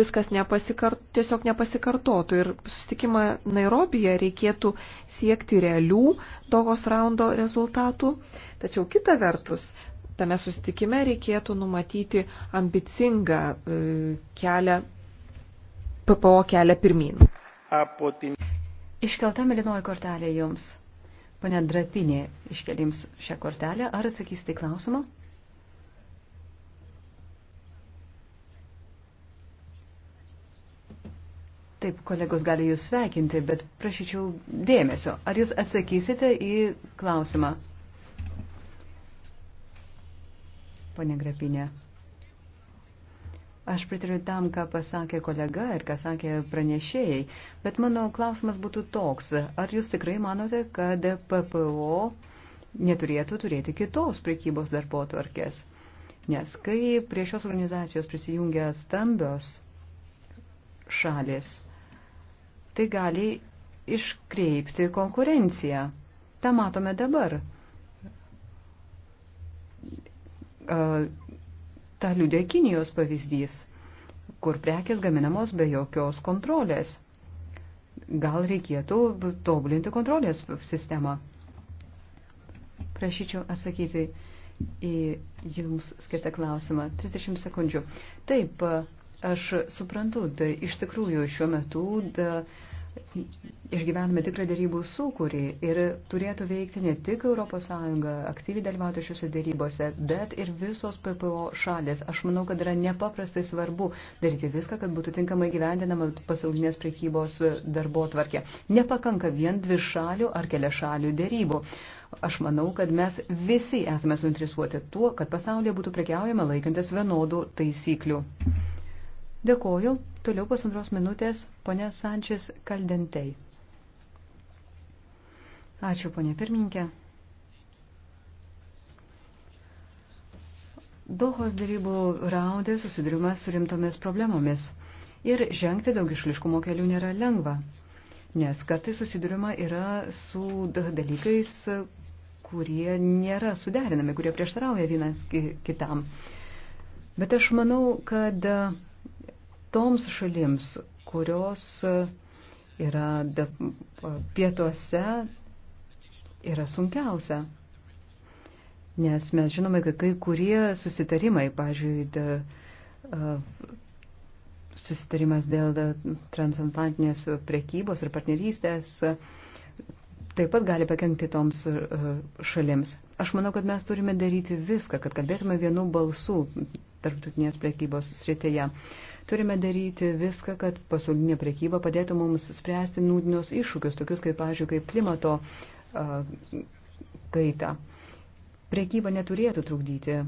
viskas nepasikart, tiesiog nepasikartotų. Ir susitikimą Nairobije reikėtų siekti realių dogos raundo rezultatų. Tačiau kita vertus, tame susitikime reikėtų numatyti ambicingą e, kelią, PPO kelią pirmin. Iškelta milinoji kortelė jums. Pane Drapinė iškelims šią kortelę. Ar atsakysite į klausimą? Taip, kolegos gali jūs sveikinti, bet prašyčiau dėmesio. Ar jūs atsakysite į klausimą? Pane Grapinė. Aš pritariu tam, ką pasakė kolega ir ką sakė pranešėjai, bet mano klausimas būtų toks. Ar jūs tikrai manote, kad PPO neturėtų turėti kitos prekybos darbo tvarkės? Nes kai prie šios organizacijos prisijungia stambios šalis, tai gali iškreipti konkurenciją. Ta matome dabar. Uh, Ta liūdė Kinijos pavyzdys, kur prekės gaminamos be jokios kontrolės. Gal reikėtų tobulinti kontrolės sistemą? Prašyčiau atsakyti į jums skirtą klausimą. 30 sekundžių. Taip, aš suprantu, da, tai iš tikrųjų šiuo metu da, uh, išgyvename tikrą dėrybų sūkurį ir turėtų veikti ne tik ES, aktyviai dalyvauti šiuose dėrybose, bet ir visos PPO šalės. Aš manau, kad yra nepaprastai svarbu daryti viską, kad būtų tinkamai gyvendinama pasaulinės prekybos darbo tvarkė. Nepakanka vien dvi šalių ar kelią šalių dėrybų. Aš manau, kad mes visi esame suinteresuoti tuo, kad pasaulyje būtų prekiaujama laikantis vienodų taisyklių. Dėkoju. Toliau pusantros minutės ponė Sančias Kaldentei. Ačiū, ponė pirmininkė. Dohos darybų raudė susidurimas su rimtomis problemomis. Ir žengti daugišliškumo kelių nėra lengva, nes kartai susidurima yra su dalykais, kurie nėra suderinami, kurie prieštarauja vienas kitam. Bet aš manau, kad toms šalims, kurios e, yra e, pietuose, yra sunkiausia. Nes mes žinome, kad kai kurie susitarimai, pažiūrėjau, e, susitarimas dėl transatlantinės prekybos ir partnerystės taip pat gali pakengti toms šalims. Aš manau, kad mes turime daryti viską, kad kalbėtume vienu balsu tarptautinės prekybos srityje. Turime daryti viską, kad pasaulinė priekyba padėtų mums spręsti nūdinius iššūkius, tokius kaip, pažiūrėjau, kaip klimato uh, kaita. Priekyba neturėtų trukdyti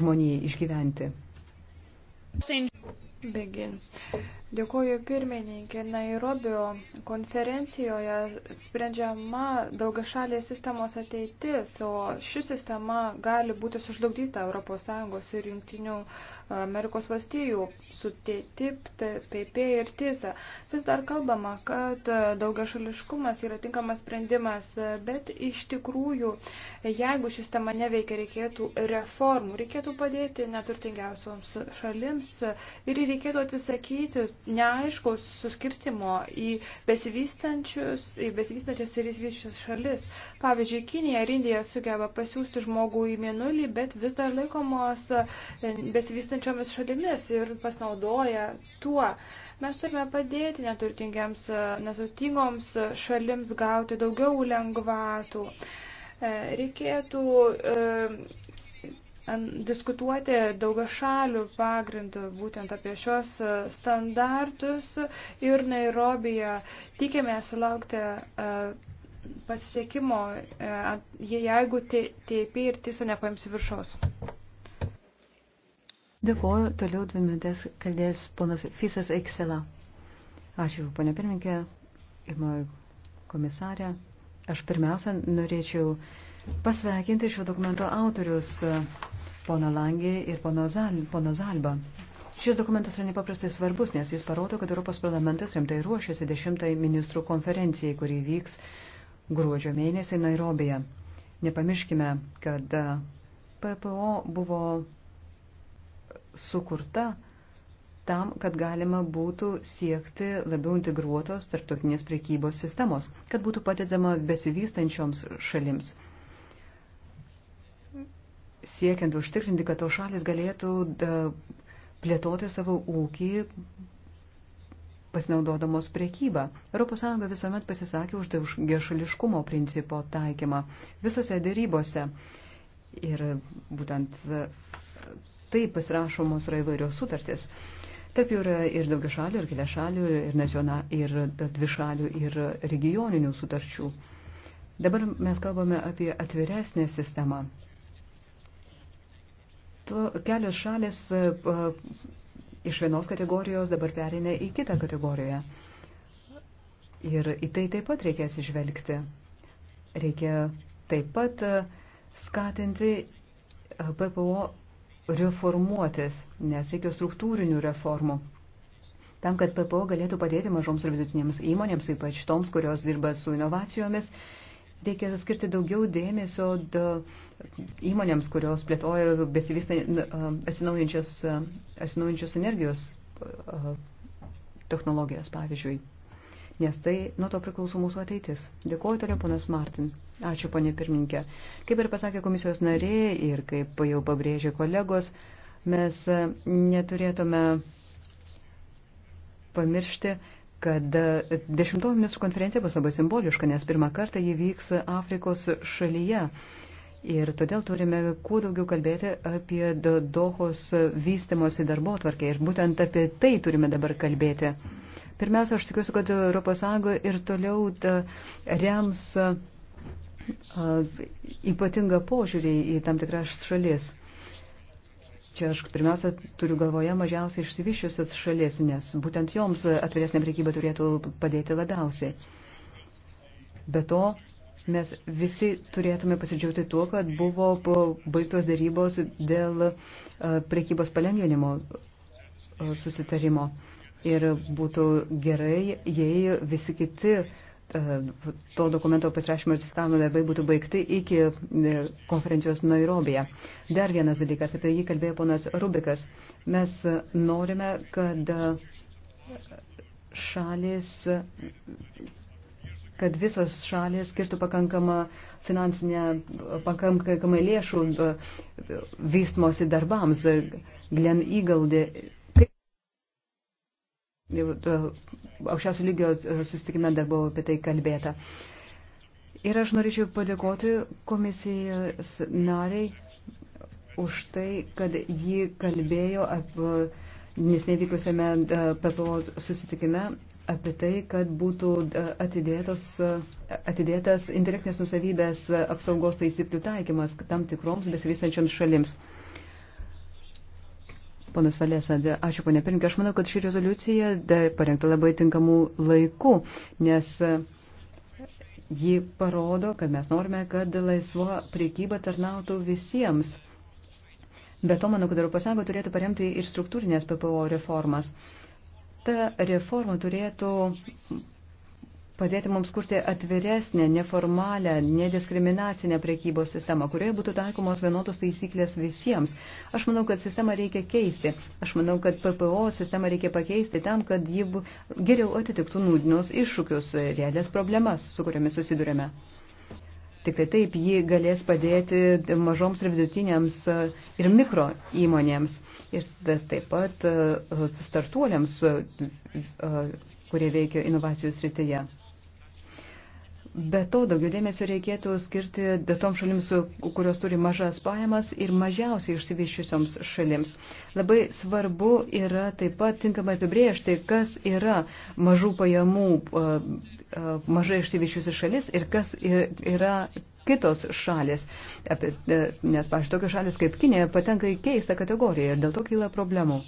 žmonijai išgyventi. Begin. Dėkuoju pirmininkė. Nairobio konferencijoje sprendžiama daugiašalės sistemos ateitis, o ši sistema gali būti sužlugdyta ES ir Junktinių Amerikos valstijų su TTIP, TPP ir TISA. Vis dar kalbama, kad daugiašališkumas yra tinkamas sprendimas, bet iš tikrųjų, jeigu sistema neveikia, reikėtų reformų, reikėtų padėti neturtingiausioms šalims ir reikėtų atsisakyti neaiškus suskirstimo į besivystančius, į besivystančias ir įsivysčius šalis. Pavyzdžiui, Kinija ir Indija sugeba pasiūsti žmogų į mėnulį, bet vis dar laikomos e, besivystančiomis šalimis ir pasinaudoja tuo. Mes turime padėti neturtingiams, e, neturtingoms šalims gauti daugiau lengvatų. E, reikėtų diskutuoti daugiašalių pagrindų būtent apie šios e, standartus ir Nairobija tikėme sulaukti e, pasiekimo, e, jeigu TP ir TISA nepaims viršaus. Dėkuoju, toliau dvi minutės kalbės ponas Fisas Eiksela. Ačiū, ponia pirmininkė, įmoju komisarė. Aš pirmiausia norėčiau pasveikinti šio dokumento autorius pono Langį ir pono, Zal, pono Zalbą. Šis dokumentas yra nepaprastai svarbus, nes jis parodo, kad Europos parlamentas rimtai ruošiasi dešimtai ministrų konferencijai, kuri vyks gruodžio mėnesį Nairobėje. Nepamirškime, kad PPO buvo sukurta tam, kad galima būtų siekti labiau integruotos tarptautinės priekybos sistemos, kad būtų padedama besivystančioms šalims siekiant užtikrinti, kad tos šalis galėtų plėtoti savo ūkį pasinaudodamos priekybą. ES visuomet pasisakė už gešališkumo principo taikymą visose dėrybose. Ir būtent e, taip pasirašomos yra įvairios sutartys. Tarp jų yra ir daugia šalių, ir kilia šalių, ir, naciona, ir dvišalių, ir regioninių sutarčių. Dabar mes kalbame apie atviresnę sistemą to, e, kelios šalis e, e, iš vienos kategorijos dabar perinė į kitą kategoriją. Ir į tai taip pat reikia atsižvelgti. Reikia taip pat skatinti PPO reformuotis, nes reikia struktūrinių reformų. Tam, kad PPO galėtų padėti mažoms ir vidutinėms įmonėms, ypač toms, kurios dirba su inovacijomis, Reikia skirti daugiau dėmesio įmonėms, kurios plėtoja atsinaujančios energijos technologijas, pavyzdžiui. Nes tai nuo to priklauso mūsų ateitis. Dėkuoju toliau, ponas Martin. Ačiū, ponė pirminkė. Kaip ir pasakė komisijos narė ir kaip jau pabrėžė kolegos, mes neturėtume pamiršti, kad dešimtoji ministrų konferencija bus labai simboliška, nes pirmą kartą jį vyks Afrikos šalyje. Ir todėl turime kuo daugiau kalbėti apie Dohos vystimosi darbo tvarkę. Ir būtent apie tai turime dabar kalbėti. Pirmiausia, aš tikiuosi, kad ES ir toliau rems ypatingą požiūrį į tam tikras šalis. Čia aš pirmiausia turiu galvoje mažiausiai išsivyščiusias šalis, nes būtent joms atviresnė prekyba turėtų padėti labiausiai. Be to, mes visi turėtume pasidžiaugti tuo, kad buvo baigtos darybos dėl e, prekybos palengvinimo e, susitarimo. Ir būtų gerai, jei visi kiti uh, E, to dokumento pasirašymo ir ratifikavimo darbai būtų baigti iki e, konferencijos Nairobija. Dar vienas dalykas, apie jį kalbėjo ponas Rubikas. Mes norime, kad šalis kad visos šalės skirtų pakankamą finansinę, pakankamai lėšų e, vystmosi darbams. Glen Eagle E, aukščiausių lygio e, susitikime dar buvo apie tai kalbėta. Ir aš norėčiau padėkoti komisijos nariai už tai, kad ji kalbėjo apie nesnevykusiame e, PPO susitikime apie tai, kad būtų atidėtos, atidėtas intelektinės nusavybės apsaugos taisyklių taikymas tam tikroms besivystančiams šalims. Ponas Valėsa, ačiū ponė Pirinkė. Aš manau, kad ši rezoliucija parengta labai tinkamų laikų, nes ji parodo, kad mes norime, kad laisvo priekyba tarnautų visiems. Be to, manau, kad Europos Sąjunga turėtų paremti ir struktūrinės PPO reformas. Ta reforma turėtų padėti mums kurti atviresnę, neformalią, nediskriminacinę priekybos sistemą, kurioje būtų taikomos vienodos taisyklės visiems. Aš manau, kad sistemą reikia keisti. Aš manau, kad PPO sistemą reikia pakeisti tam, kad ji geriau atitiktų nūdinos iššūkius, realias problemas, su kuriomis susidurėme. Tik tai taip ji galės padėti mažoms ir vidutinėms ir mikro įmonėms ir taip pat e, startuoliams e, kurie veikia inovacijų srityje. Be to, daugiau dėmesio reikėtų skirti tom šalims, kurios turi mažas pajamas ir mažiausiai išsivyščiusioms šalims. Labai svarbu yra taip pat tinkamai apibriežti, kas yra mažų pajamų mažai išsivyščiusi šalis ir kas yra kitos šalis. E, nes, pažiūrėjau, tokios šalis kaip Kinė patenka į keistą kategoriją ir dėl to kyla problemų.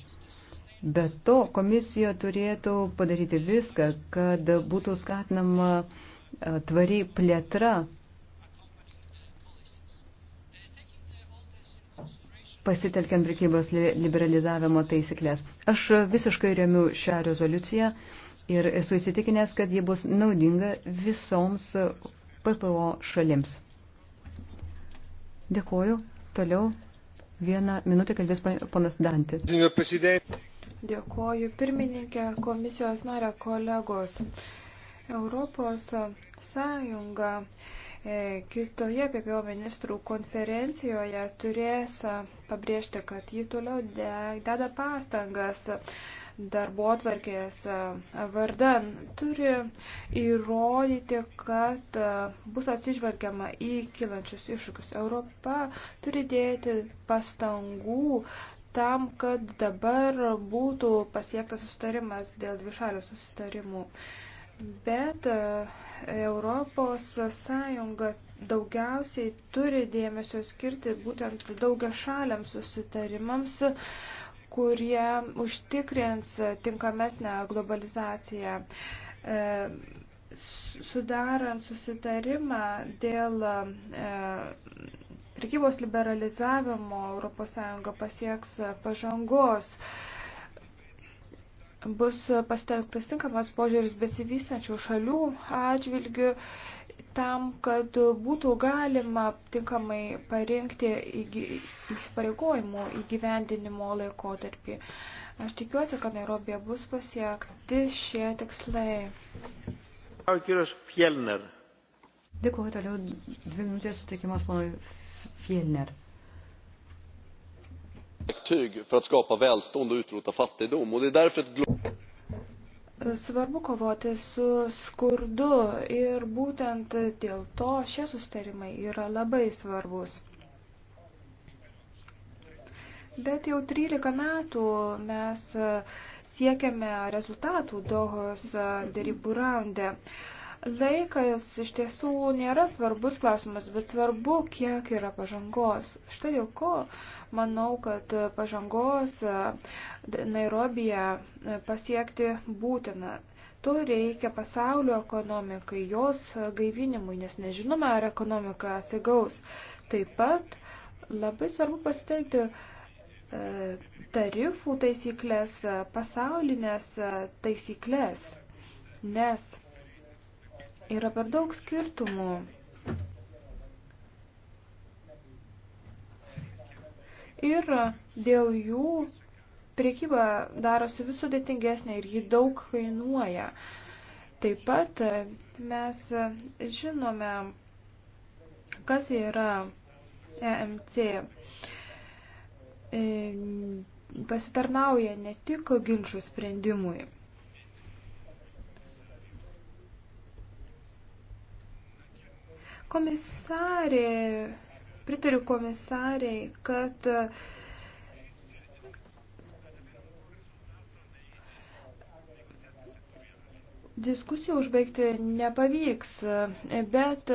Be to, komisija turėtų padaryti viską, kad būtų skatinama uh, E, tvari plėtra pasitelkiant prekybos liberalizavimo taisyklės. Aš visiškai remiu šią rezoliuciją ir esu įsitikinęs, kad ji bus naudinga visoms PPO šalims. Dėkuoju. Toliau vieną minutę kalbės ponas Dantį. Dėkuoju pirmininkė, komisijos narė, kolegos. Europos Sąjunga e, kitoje PPO ministrų konferencijoje turės pabrėžti, kad jį toliau deda pastangas darbo atvarkės vardan. Turi įrodyti, kad bus atsižvelgiama į kilančius iššūkius. Europa turi dėti pastangų tam, kad dabar būtų pasiektas sustarimas dėl dvišalių sustarimų. sustarimų bet e, Europos Sąjunga daugiausiai turi dėmesio skirti būtent daugia šaliams susitarimams, kurie užtikrins tinkamesnę globalizaciją. E, sudarant susitarimą dėl e, prekybos liberalizavimo ES pasieks pažangos. E, bus pastelgtas tinkamas požiūris besivystančių šalių atžvilgių tam, kad būtų galima tinkamai parinkti įsipareigojimų įgyvendinimo laikotarpį. Aš tikiuosi, kad Nairobėje bus pasiekti šie tikslai. Dėkuoju toliau dvi minutės sutikimas ponui Fielner. Svarbu kovoti su skurdu ir būtent dėl to šie sustarimai yra labai svarbus. Bet jau 13 metų mes siekiame rezultatų Dohos dėrybų raunde. E Laikas iš tiesų nėra svarbus klausimas, bet svarbu, kiek yra pažangos. Štai dėl ko manau, kad pažangos e, Nairobija e, pasiekti būtina. To reikia pasaulio ekonomikai, jos gaivinimui, nes nežinome, ar ekonomika atsigaus. Taip pat labai svarbu pasitelkti e, tarifų taisyklės, pasaulinės taisyklės, nes Yra per daug skirtumų. Ir dėl jų priekyba darosi vis sudėtingesnė ir ji daug kainuoja. Taip pat mes žinome, kas yra EMC. E, pasitarnauja ne tik ginčių sprendimui. Komisarė, pritariu komisariai, kad Diskusijų užbaigti nepavyks, bet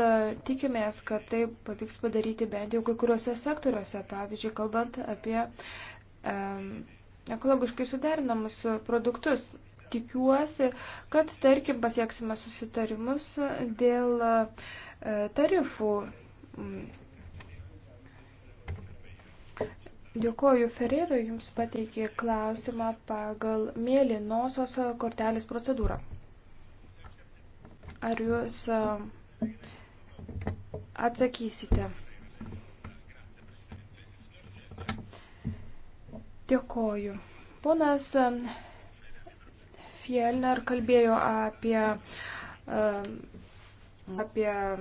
tikimės, kad tai pavyks padaryti bent jau kai kuriuose sektoriuose, pavyzdžiui, kalbant apie um, ekologiškai suderinamus produktus. Tikiuosi, kad, tarkim, pasieksime susitarimus dėl uh, tarifų. Dėkuoju Ferrerui, jums pateikė klausimą pagal mėlynosios kortelės procedūrą. Ar jūs atsakysite? Dėkuoju. Ponas Fielner kalbėjo apie apie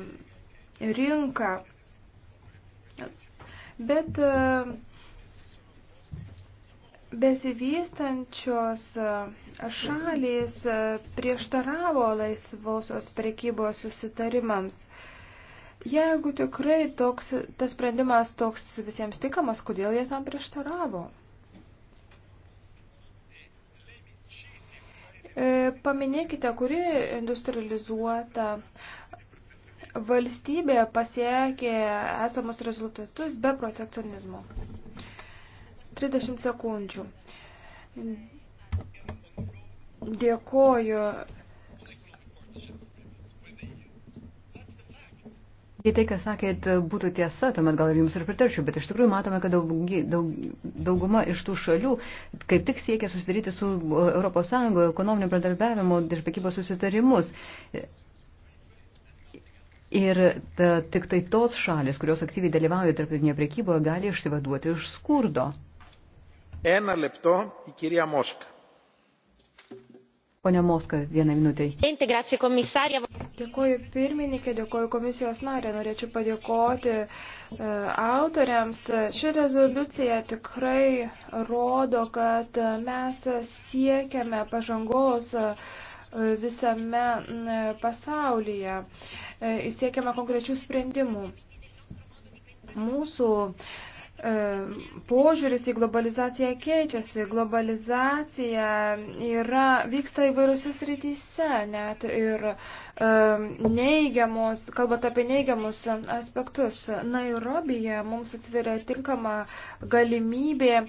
rinką. Bet e, besivystančios e, šalys e, prieštaravo laisvosios prekybos susitarimams. Jeigu tikrai toks, tas sprendimas toks visiems tikamas, kodėl jie tam prieštaravo? E, paminėkite, kuri industrializuota valstybė pasiekė esamus rezultatus be protekcionizmo. 30 sekundžių. Dėkoju Jei tai, ką sakėt, būtų tiesa, tuomet gal ir jums ir pritarčiau, bet iš tikrųjų matome, kad daug, daug, dauguma iš tų šalių kaip tik siekia susidaryti su ES ekonominio bendradarbiavimo ir prekybos susitarimus. Ir ta, tik tai tos šalis, kurios aktyviai dalyvauja tarptautinėje prekyboje, gali išsivaduoti iš skurdo. Ένα λεπτό, η κυρία Μόσκα. Pone Moska, vieną minutę. Dėkuoju pirmininkė, dėkuoju komisijos narė. Norėčiau padėkoti e, autoriams. Ši rezoliucija tikrai rodo, kad mes siekiame pažangos e, visame e, pasaulyje. Siekiame konkrečių sprendimų. Mūsų uh, E, požiūris į globalizaciją keičiasi. Globalizacija yra, vyksta įvairiuose srityse, net ir e, neigiamus, kalbant apie neigiamus aspektus. Nairobija mums atsveria tinkama galimybė e,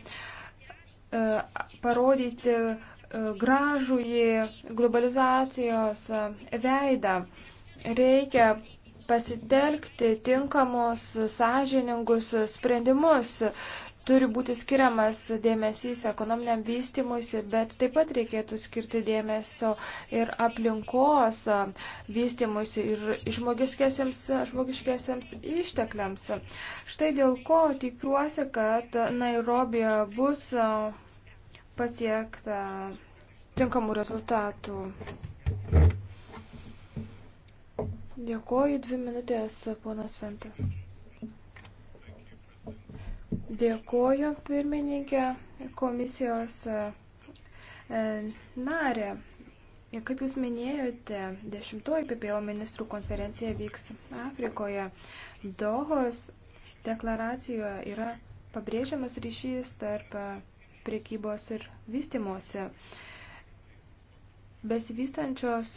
parodyti gražų į globalizacijos veidą. Reikia pasitelkti tinkamus, sąžiningus sprendimus. Turi būti skiriamas dėmesys ekonominiam vystimuisi, bet taip pat reikėtų skirti dėmesio ir aplinkos vystimuisi ir žmogiškėsiams ištekliams. Štai dėl ko tikiuosi, kad Nairobija bus pasiekta tinkamų rezultatų. Dėkoju dvi minutės, ponas Venta. Dėkoju pirmininkė komisijos e, e, narė. Kaip Jūs minėjote, 10 PPO ministrų konferencija vyks Afrikoje. Dohos deklaracijoje yra pabrėžiamas ryšys tarp prekybos ir vystimosi besivystančios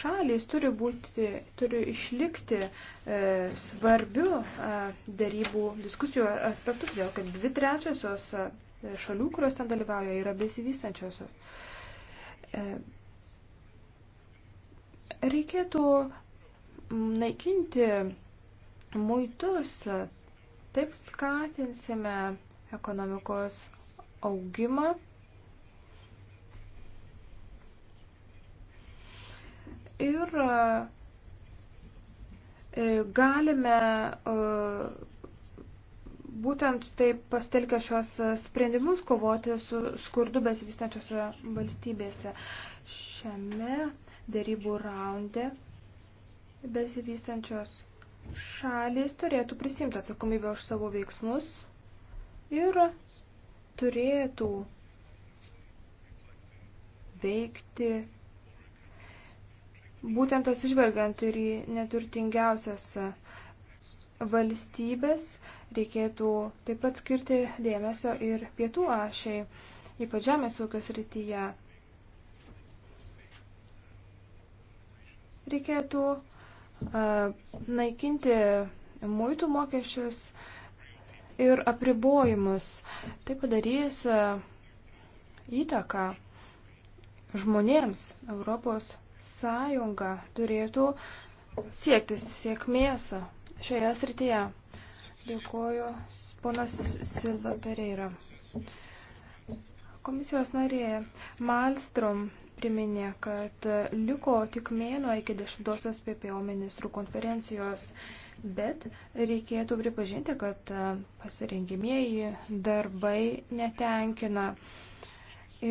šalys turi, būti, turi išlikti e, svarbiu e, darybų diskusijų aspektu, todėl kad dvi trečiosios e, šalių, kurios ten dalyvauja, yra besivystančios. E, reikėtų naikinti muitus, taip skatinsime ekonomikos augimą ir e, e, galime e, būtent taip pastelkę šios sprendimus kovoti su skurdu besivystančiose valstybėse. Šiame dėrybų raunde besivystančios šalis turėtų prisimti atsakomybę už savo veiksmus ir turėtų veikti būtent atsižvelgiant ir į neturtingiausias valstybės, reikėtų taip pat skirti dėmesio ir pietų ašiai, ypač žemės ūkio srityje. Reikėtų uh, naikinti muitų mokesčius ir apribojimus. Tai padarys uh, įtaką žmonėms Europos sąjunga turėtų siekti sėkmės šioje srityje. Dėkuoju, ponas Silva Pereira. Komisijos narė Malstrom priminė, kad liko tik mėnuo iki 10 PPO ministrų konferencijos, bet reikėtų pripažinti, kad pasirengimieji darbai netenkina.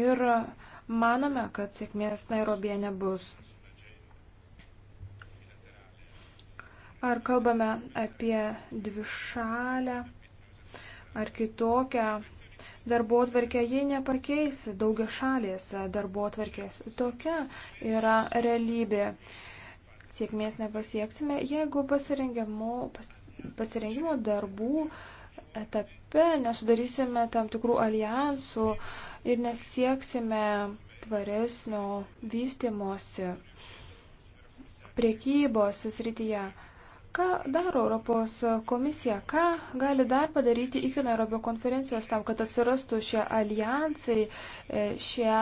Ir uh, Manome, kad sėkmės Nairobėje nebus. Ar kalbame apie dvišalę ar kitokią darbotvarkė jį nepakeisi daugia šalėse darbotvarkės. Tokia yra realybė. Sėkmės nepasieksime, jeigu pasirengimo, pas, pasirengimo darbų uh, etape nesudarysime tam tikrų alijansų ir nesieksime tvaresnio vystimosi priekybos srityje. Ką daro Europos komisija? Ką gali dar padaryti iki Nairobio konferencijos tam, kad atsirastų šie alijansai, e, šie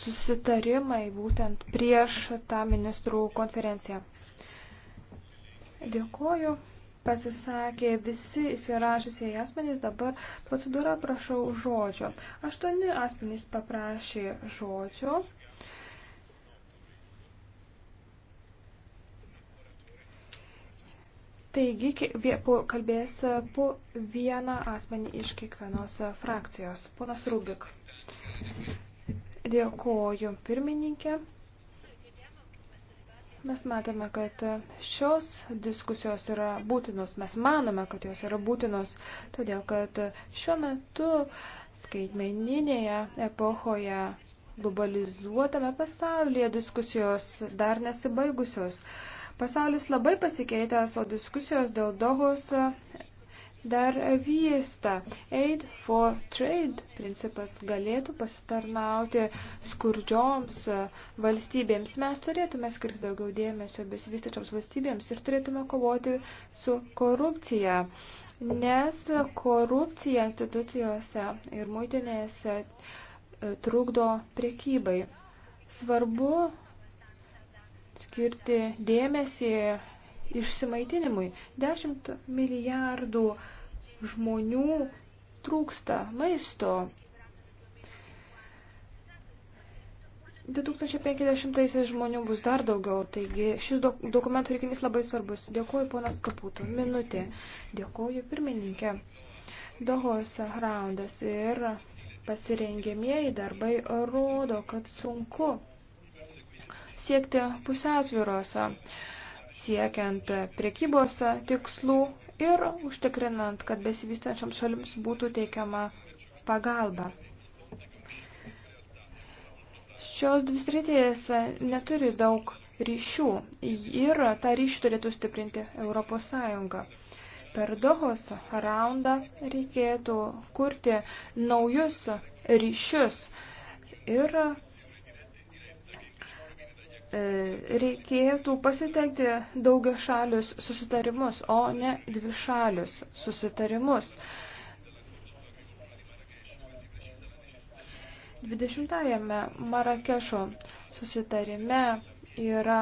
susitarimai būtent prieš tą ministrų konferenciją? Dėkuoju pasisakė visi įsirašusieji asmenys, dabar procedūra prašau žodžio. Aštuoni asmenys paprašė žodžio. Taigi, kalbės po vieną asmenį iš kiekvienos frakcijos. Ponas Rubik. Dėkoju, pirmininkė. Mes matome, kad šios diskusijos yra būtinos, mes manome, kad jos yra būtinos, todėl kad šiuo metu skaitmeninėje epochoje globalizuotame pasaulyje diskusijos dar nesibaigusios. Pasaulis labai pasikeitęs, o diskusijos dėl Dohos dar vysta. Aid for trade principas galėtų pasitarnauti skurdžioms valstybėms. Mes turėtume skirti daugiau dėmesio besivystačioms valstybėms ir turėtume kovoti su korupcija. Nes korupcija institucijose ir muitinėse e, trukdo prekybai. Svarbu skirti dėmesį išsimaitinimui. 10 milijardų žmonių trūksta maisto. 2050 žmonių bus dar daugiau, taigi šis dok dokumentų reikinys labai svarbus. Dėkuoju, ponas Kaputo. Minutė. Dėkuoju, pirmininkė. Dohos raundas ir pasirengėmieji darbai rodo, kad sunku siekti pusiausvyros. Uh, siekiant priekybos tikslų ir užtikrinant, kad besivystančioms šalims būtų teikiama pagalba. Šios dvi sritys neturi daug ryšių ir tą ryšį turėtų stiprinti Europos Sąjunga. Per Dohos raundą reikėtų kurti naujus ryšius ir E, reikėtų pasitelkti daugia šalius susitarimus, o ne dvi šalius susitarimus. 20-ame Marakešo susitarime yra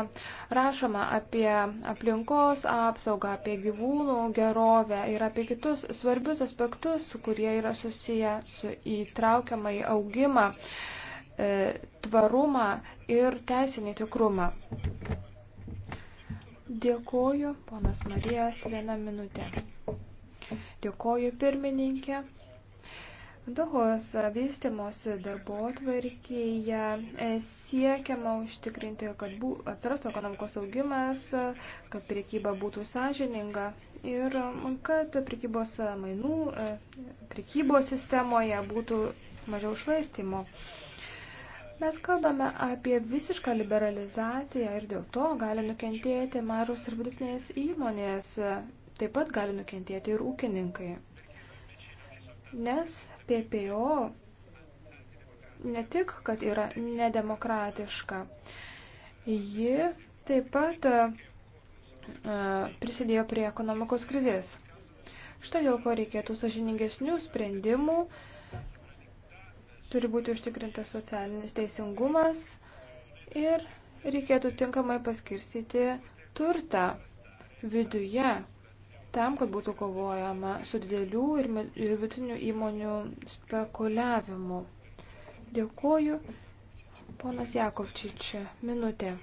rašoma apie aplinkos apsaugą, apie gyvūnų gerovę ir apie kitus svarbius aspektus, kurie yra susiję su įtraukiamai augimą. E, E, tvarumą ir teisinį tikrumą. Dėkoju, ponas Marijas, vieną minutę. Dėkoju, pirmininkė. Dohos vystimosi darbo atvarkyje e, siekiama užtikrinti, kad bū, atsirastų ekonomikos augimas, kad priekyba būtų sąžininga ir kad priekybos mainų, e, priekybos sistemoje būtų mažiau švaistimo. Mes kalbame apie visišką liberalizaciją ir dėl to gali nukentėti mažos ir vidutinės įmonės, taip pat gali nukentėti ir ūkininkai. Nes PPO ne tik, kad yra nedemokratiška, ji taip pat e, prisidėjo prie ekonomikos krizės. Štai dėl ko reikėtų sažiningesnių sprendimų, uh, turi būti užtikrintas socialinis teisingumas ir reikėtų tinkamai paskirstyti turtą viduje tam, kad būtų kovojama su didelių ir vidutinių įmonių spekuliavimu. Dėkuoju, ponas Jakovčič, minutė.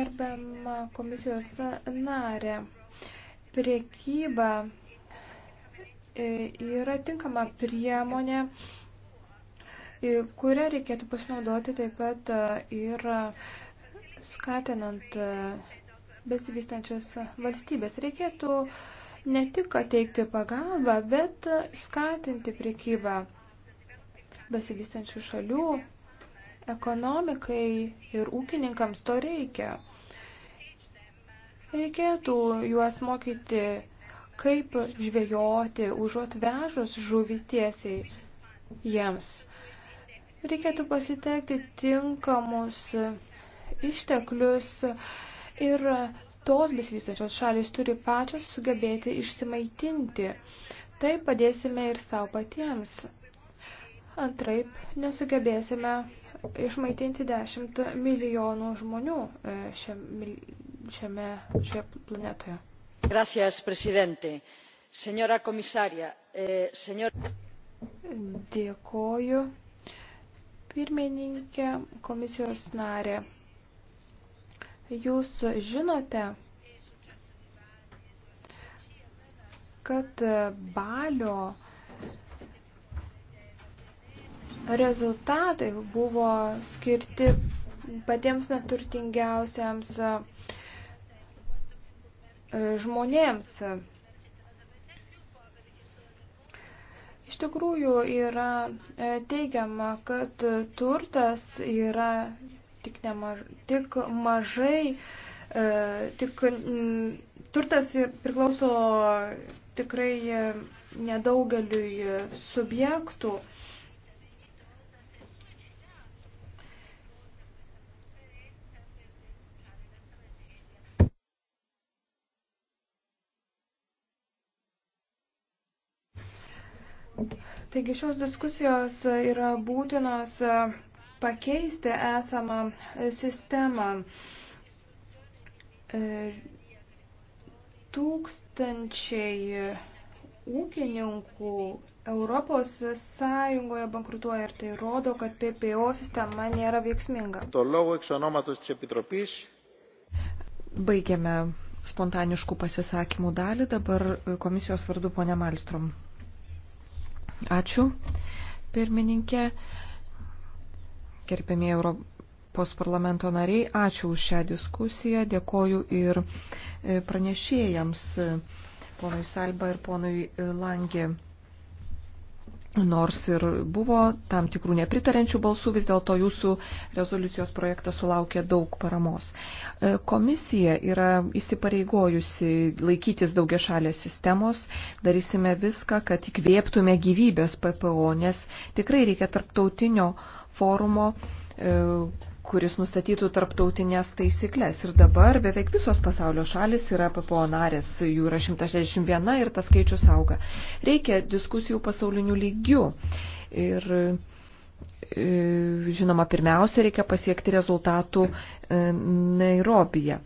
Gerbiama komisijos narė. Priekyba e, yra tinkama priemonė, e, kurią reikėtų pasinaudoti taip pat e, ir skatinant besivystančias valstybės. Reikėtų ne tik teikti pagalbą, bet skatinti priekybą besivystančių šalių ekonomikai ir ūkininkams to reikia. Reikėtų juos mokyti, kaip žvejoti, užuot vežus žuvį tiesiai jiems. Reikėtų pasitekti tinkamus išteklius ir tos besivystančios šalis turi pačios sugebėti išsimaitinti. Tai padėsime ir savo patiems. Antraip nesugebėsime išmaitinti 10 milijonų žmonių e, šiam šiame, šioje planetoje. Gracias, presidente. Senora komisarė. Eh, senor... Dėkoju. Pirmininkė, komisijos narė. Jūs žinote, kad balio rezultatai buvo skirti patiems neturtingiausiams žmonėms. Iš tikrųjų yra e, teigiama, kad turtas yra tik, nemaž, tik mažai, e, tik mm, turtas priklauso tikrai e, nedaugeliui subjektų. Taigi šios diskusijos yra būtinos e, pakeisti esamą e, sistemą. E, tūkstančiai ūkininkų Europos Sąjungoje bankrutuoja ir tai rodo, kad PPO sistema nėra veiksminga. Baigiame spontaniškų pasisakymų dalį, dabar komisijos vardu ponia Malstrom. Ačiū, pirmininkė. Gerbėmė Europos parlamento nariai, ačiū už šią diskusiją, dėkoju ir e, pranešėjams, e, ponui Salba ir ponui Langė. Nors ir buvo tam tikrų nepritarančių balsų, vis dėlto jūsų rezoliucijos projektas sulaukė daug paramos. E, komisija yra įsipareigojusi laikytis daugia šalės sistemos, darysime viską, kad įkvėptume gyvybės PPO, nes tikrai reikia tarptautinio forumo e, kuris nustatytų tarptautinės taisyklės. Ir dabar beveik visos pasaulio šalis yra PPO narės, jų yra 161 ir tas skaičius auga. Reikia diskusijų pasaulinių lygių. Ir e, žinoma, pirmiausia, reikia pasiekti rezultatų e, Nairobije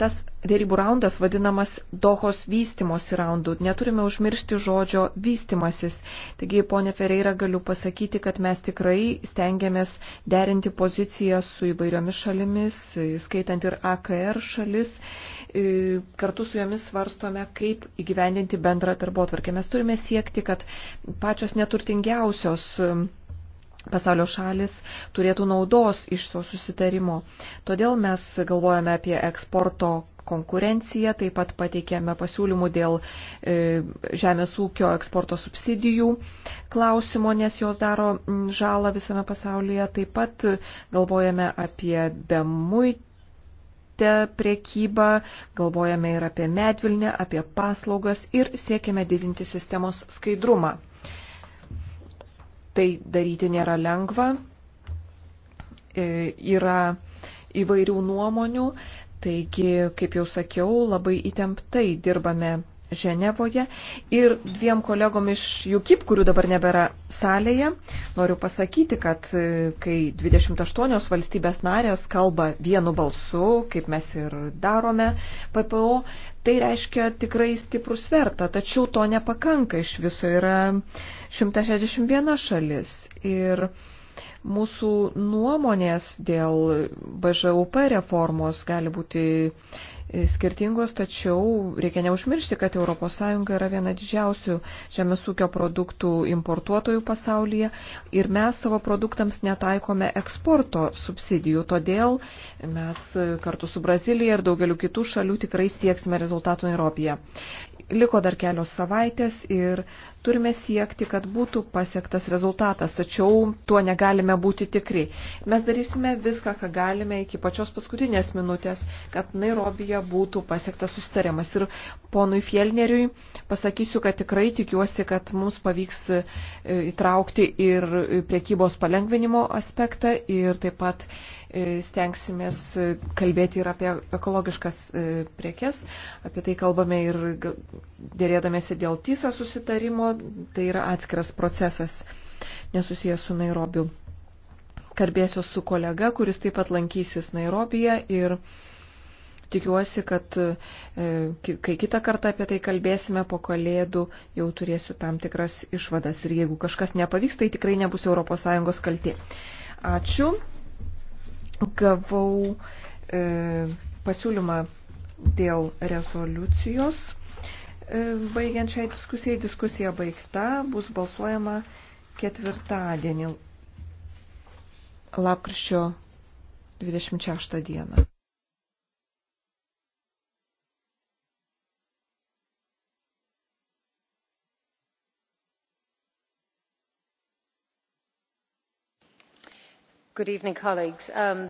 tas dėrybų raundas vadinamas Dohos vystimosi raundu. Neturime užmiršti žodžio vystimasis. Taigi, ponė Ferreira, galiu pasakyti, kad mes tikrai stengiamės derinti poziciją su įvairiomis šalimis, skaitant ir AKR šalis. E, kartu su jomis svarstome, kaip įgyvendinti bendrą darbo tvarkę. Mes turime siekti, kad pačios neturtingiausios pasaulio šalis turėtų naudos iš to susitarimo. Todėl mes galvojame apie eksporto konkurenciją, taip pat pateikėme pasiūlymų dėl e, žemės ūkio eksporto subsidijų klausimo, nes jos daro žalą visame pasaulyje. Taip pat galvojame apie bemuitę priekybą, galvojame ir apie medvilnę, apie paslaugas ir siekime didinti sistemos skaidrumą. Tai daryti nėra lengva. E, yra įvairių nuomonių, taigi, kaip jau sakiau, labai įtemptai dirbame Ženevoje ir dviem kolegom iš UKIP, kurių dabar nebėra salėje. Noriu pasakyti, kad e, kai 28 valstybės narės kalba vienu balsu, kaip mes ir darome PPO, tai reiškia tikrai stiprų svertą, tačiau to nepakanka. Iš viso yra 161 šalis. Ir mūsų nuomonės dėl BŽUP reformos gali būti skirtingos, tačiau reikia neužmiršti, kad ES yra viena didžiausių žemės ūkio produktų importuotojų pasaulyje ir mes savo produktams netaikome eksporto subsidijų, todėl mes kartu su Brazilija ir daugeliu kitų šalių tikrai sieksime rezultatų Europėje. Liko dar kelios savaitės ir Turime siekti, kad būtų pasiektas rezultatas, tačiau tuo negalime būti tikri. Mes darysime viską, ką galime iki pačios paskutinės minutės, kad Nairobija būtų pasiektas sustarimas. Ir ponui Fielneriui pasakysiu, kad tikrai tikiuosi, kad mums pavyks e, įtraukti ir priekybos palengvinimo aspektą ir taip pat E, stengsimės e, kalbėti ir apie ekologiškas e, prekes. Apie tai kalbame ir dėrėdamėsi dėl TISA susitarimo. Tai yra atskiras procesas nesusijęs su Nairobiu. Kalbėsiu su kolega, kuris taip pat lankysis Nairobije ir tikiuosi, kad kai kitą kartą apie tai kalbėsime po kalėdų, jau turėsiu tam tikras išvadas ir jeigu kažkas nepavyks, tai tikrai nebus ES kalti. Ačiū gavau e, pasiūlymą dėl rezoliucijos. E, baigiant šiai diskusijai, diskusija baigta, bus balsuojama ketvirtadienį, lapkričio 26 dieną. Good evening, colleagues. Um...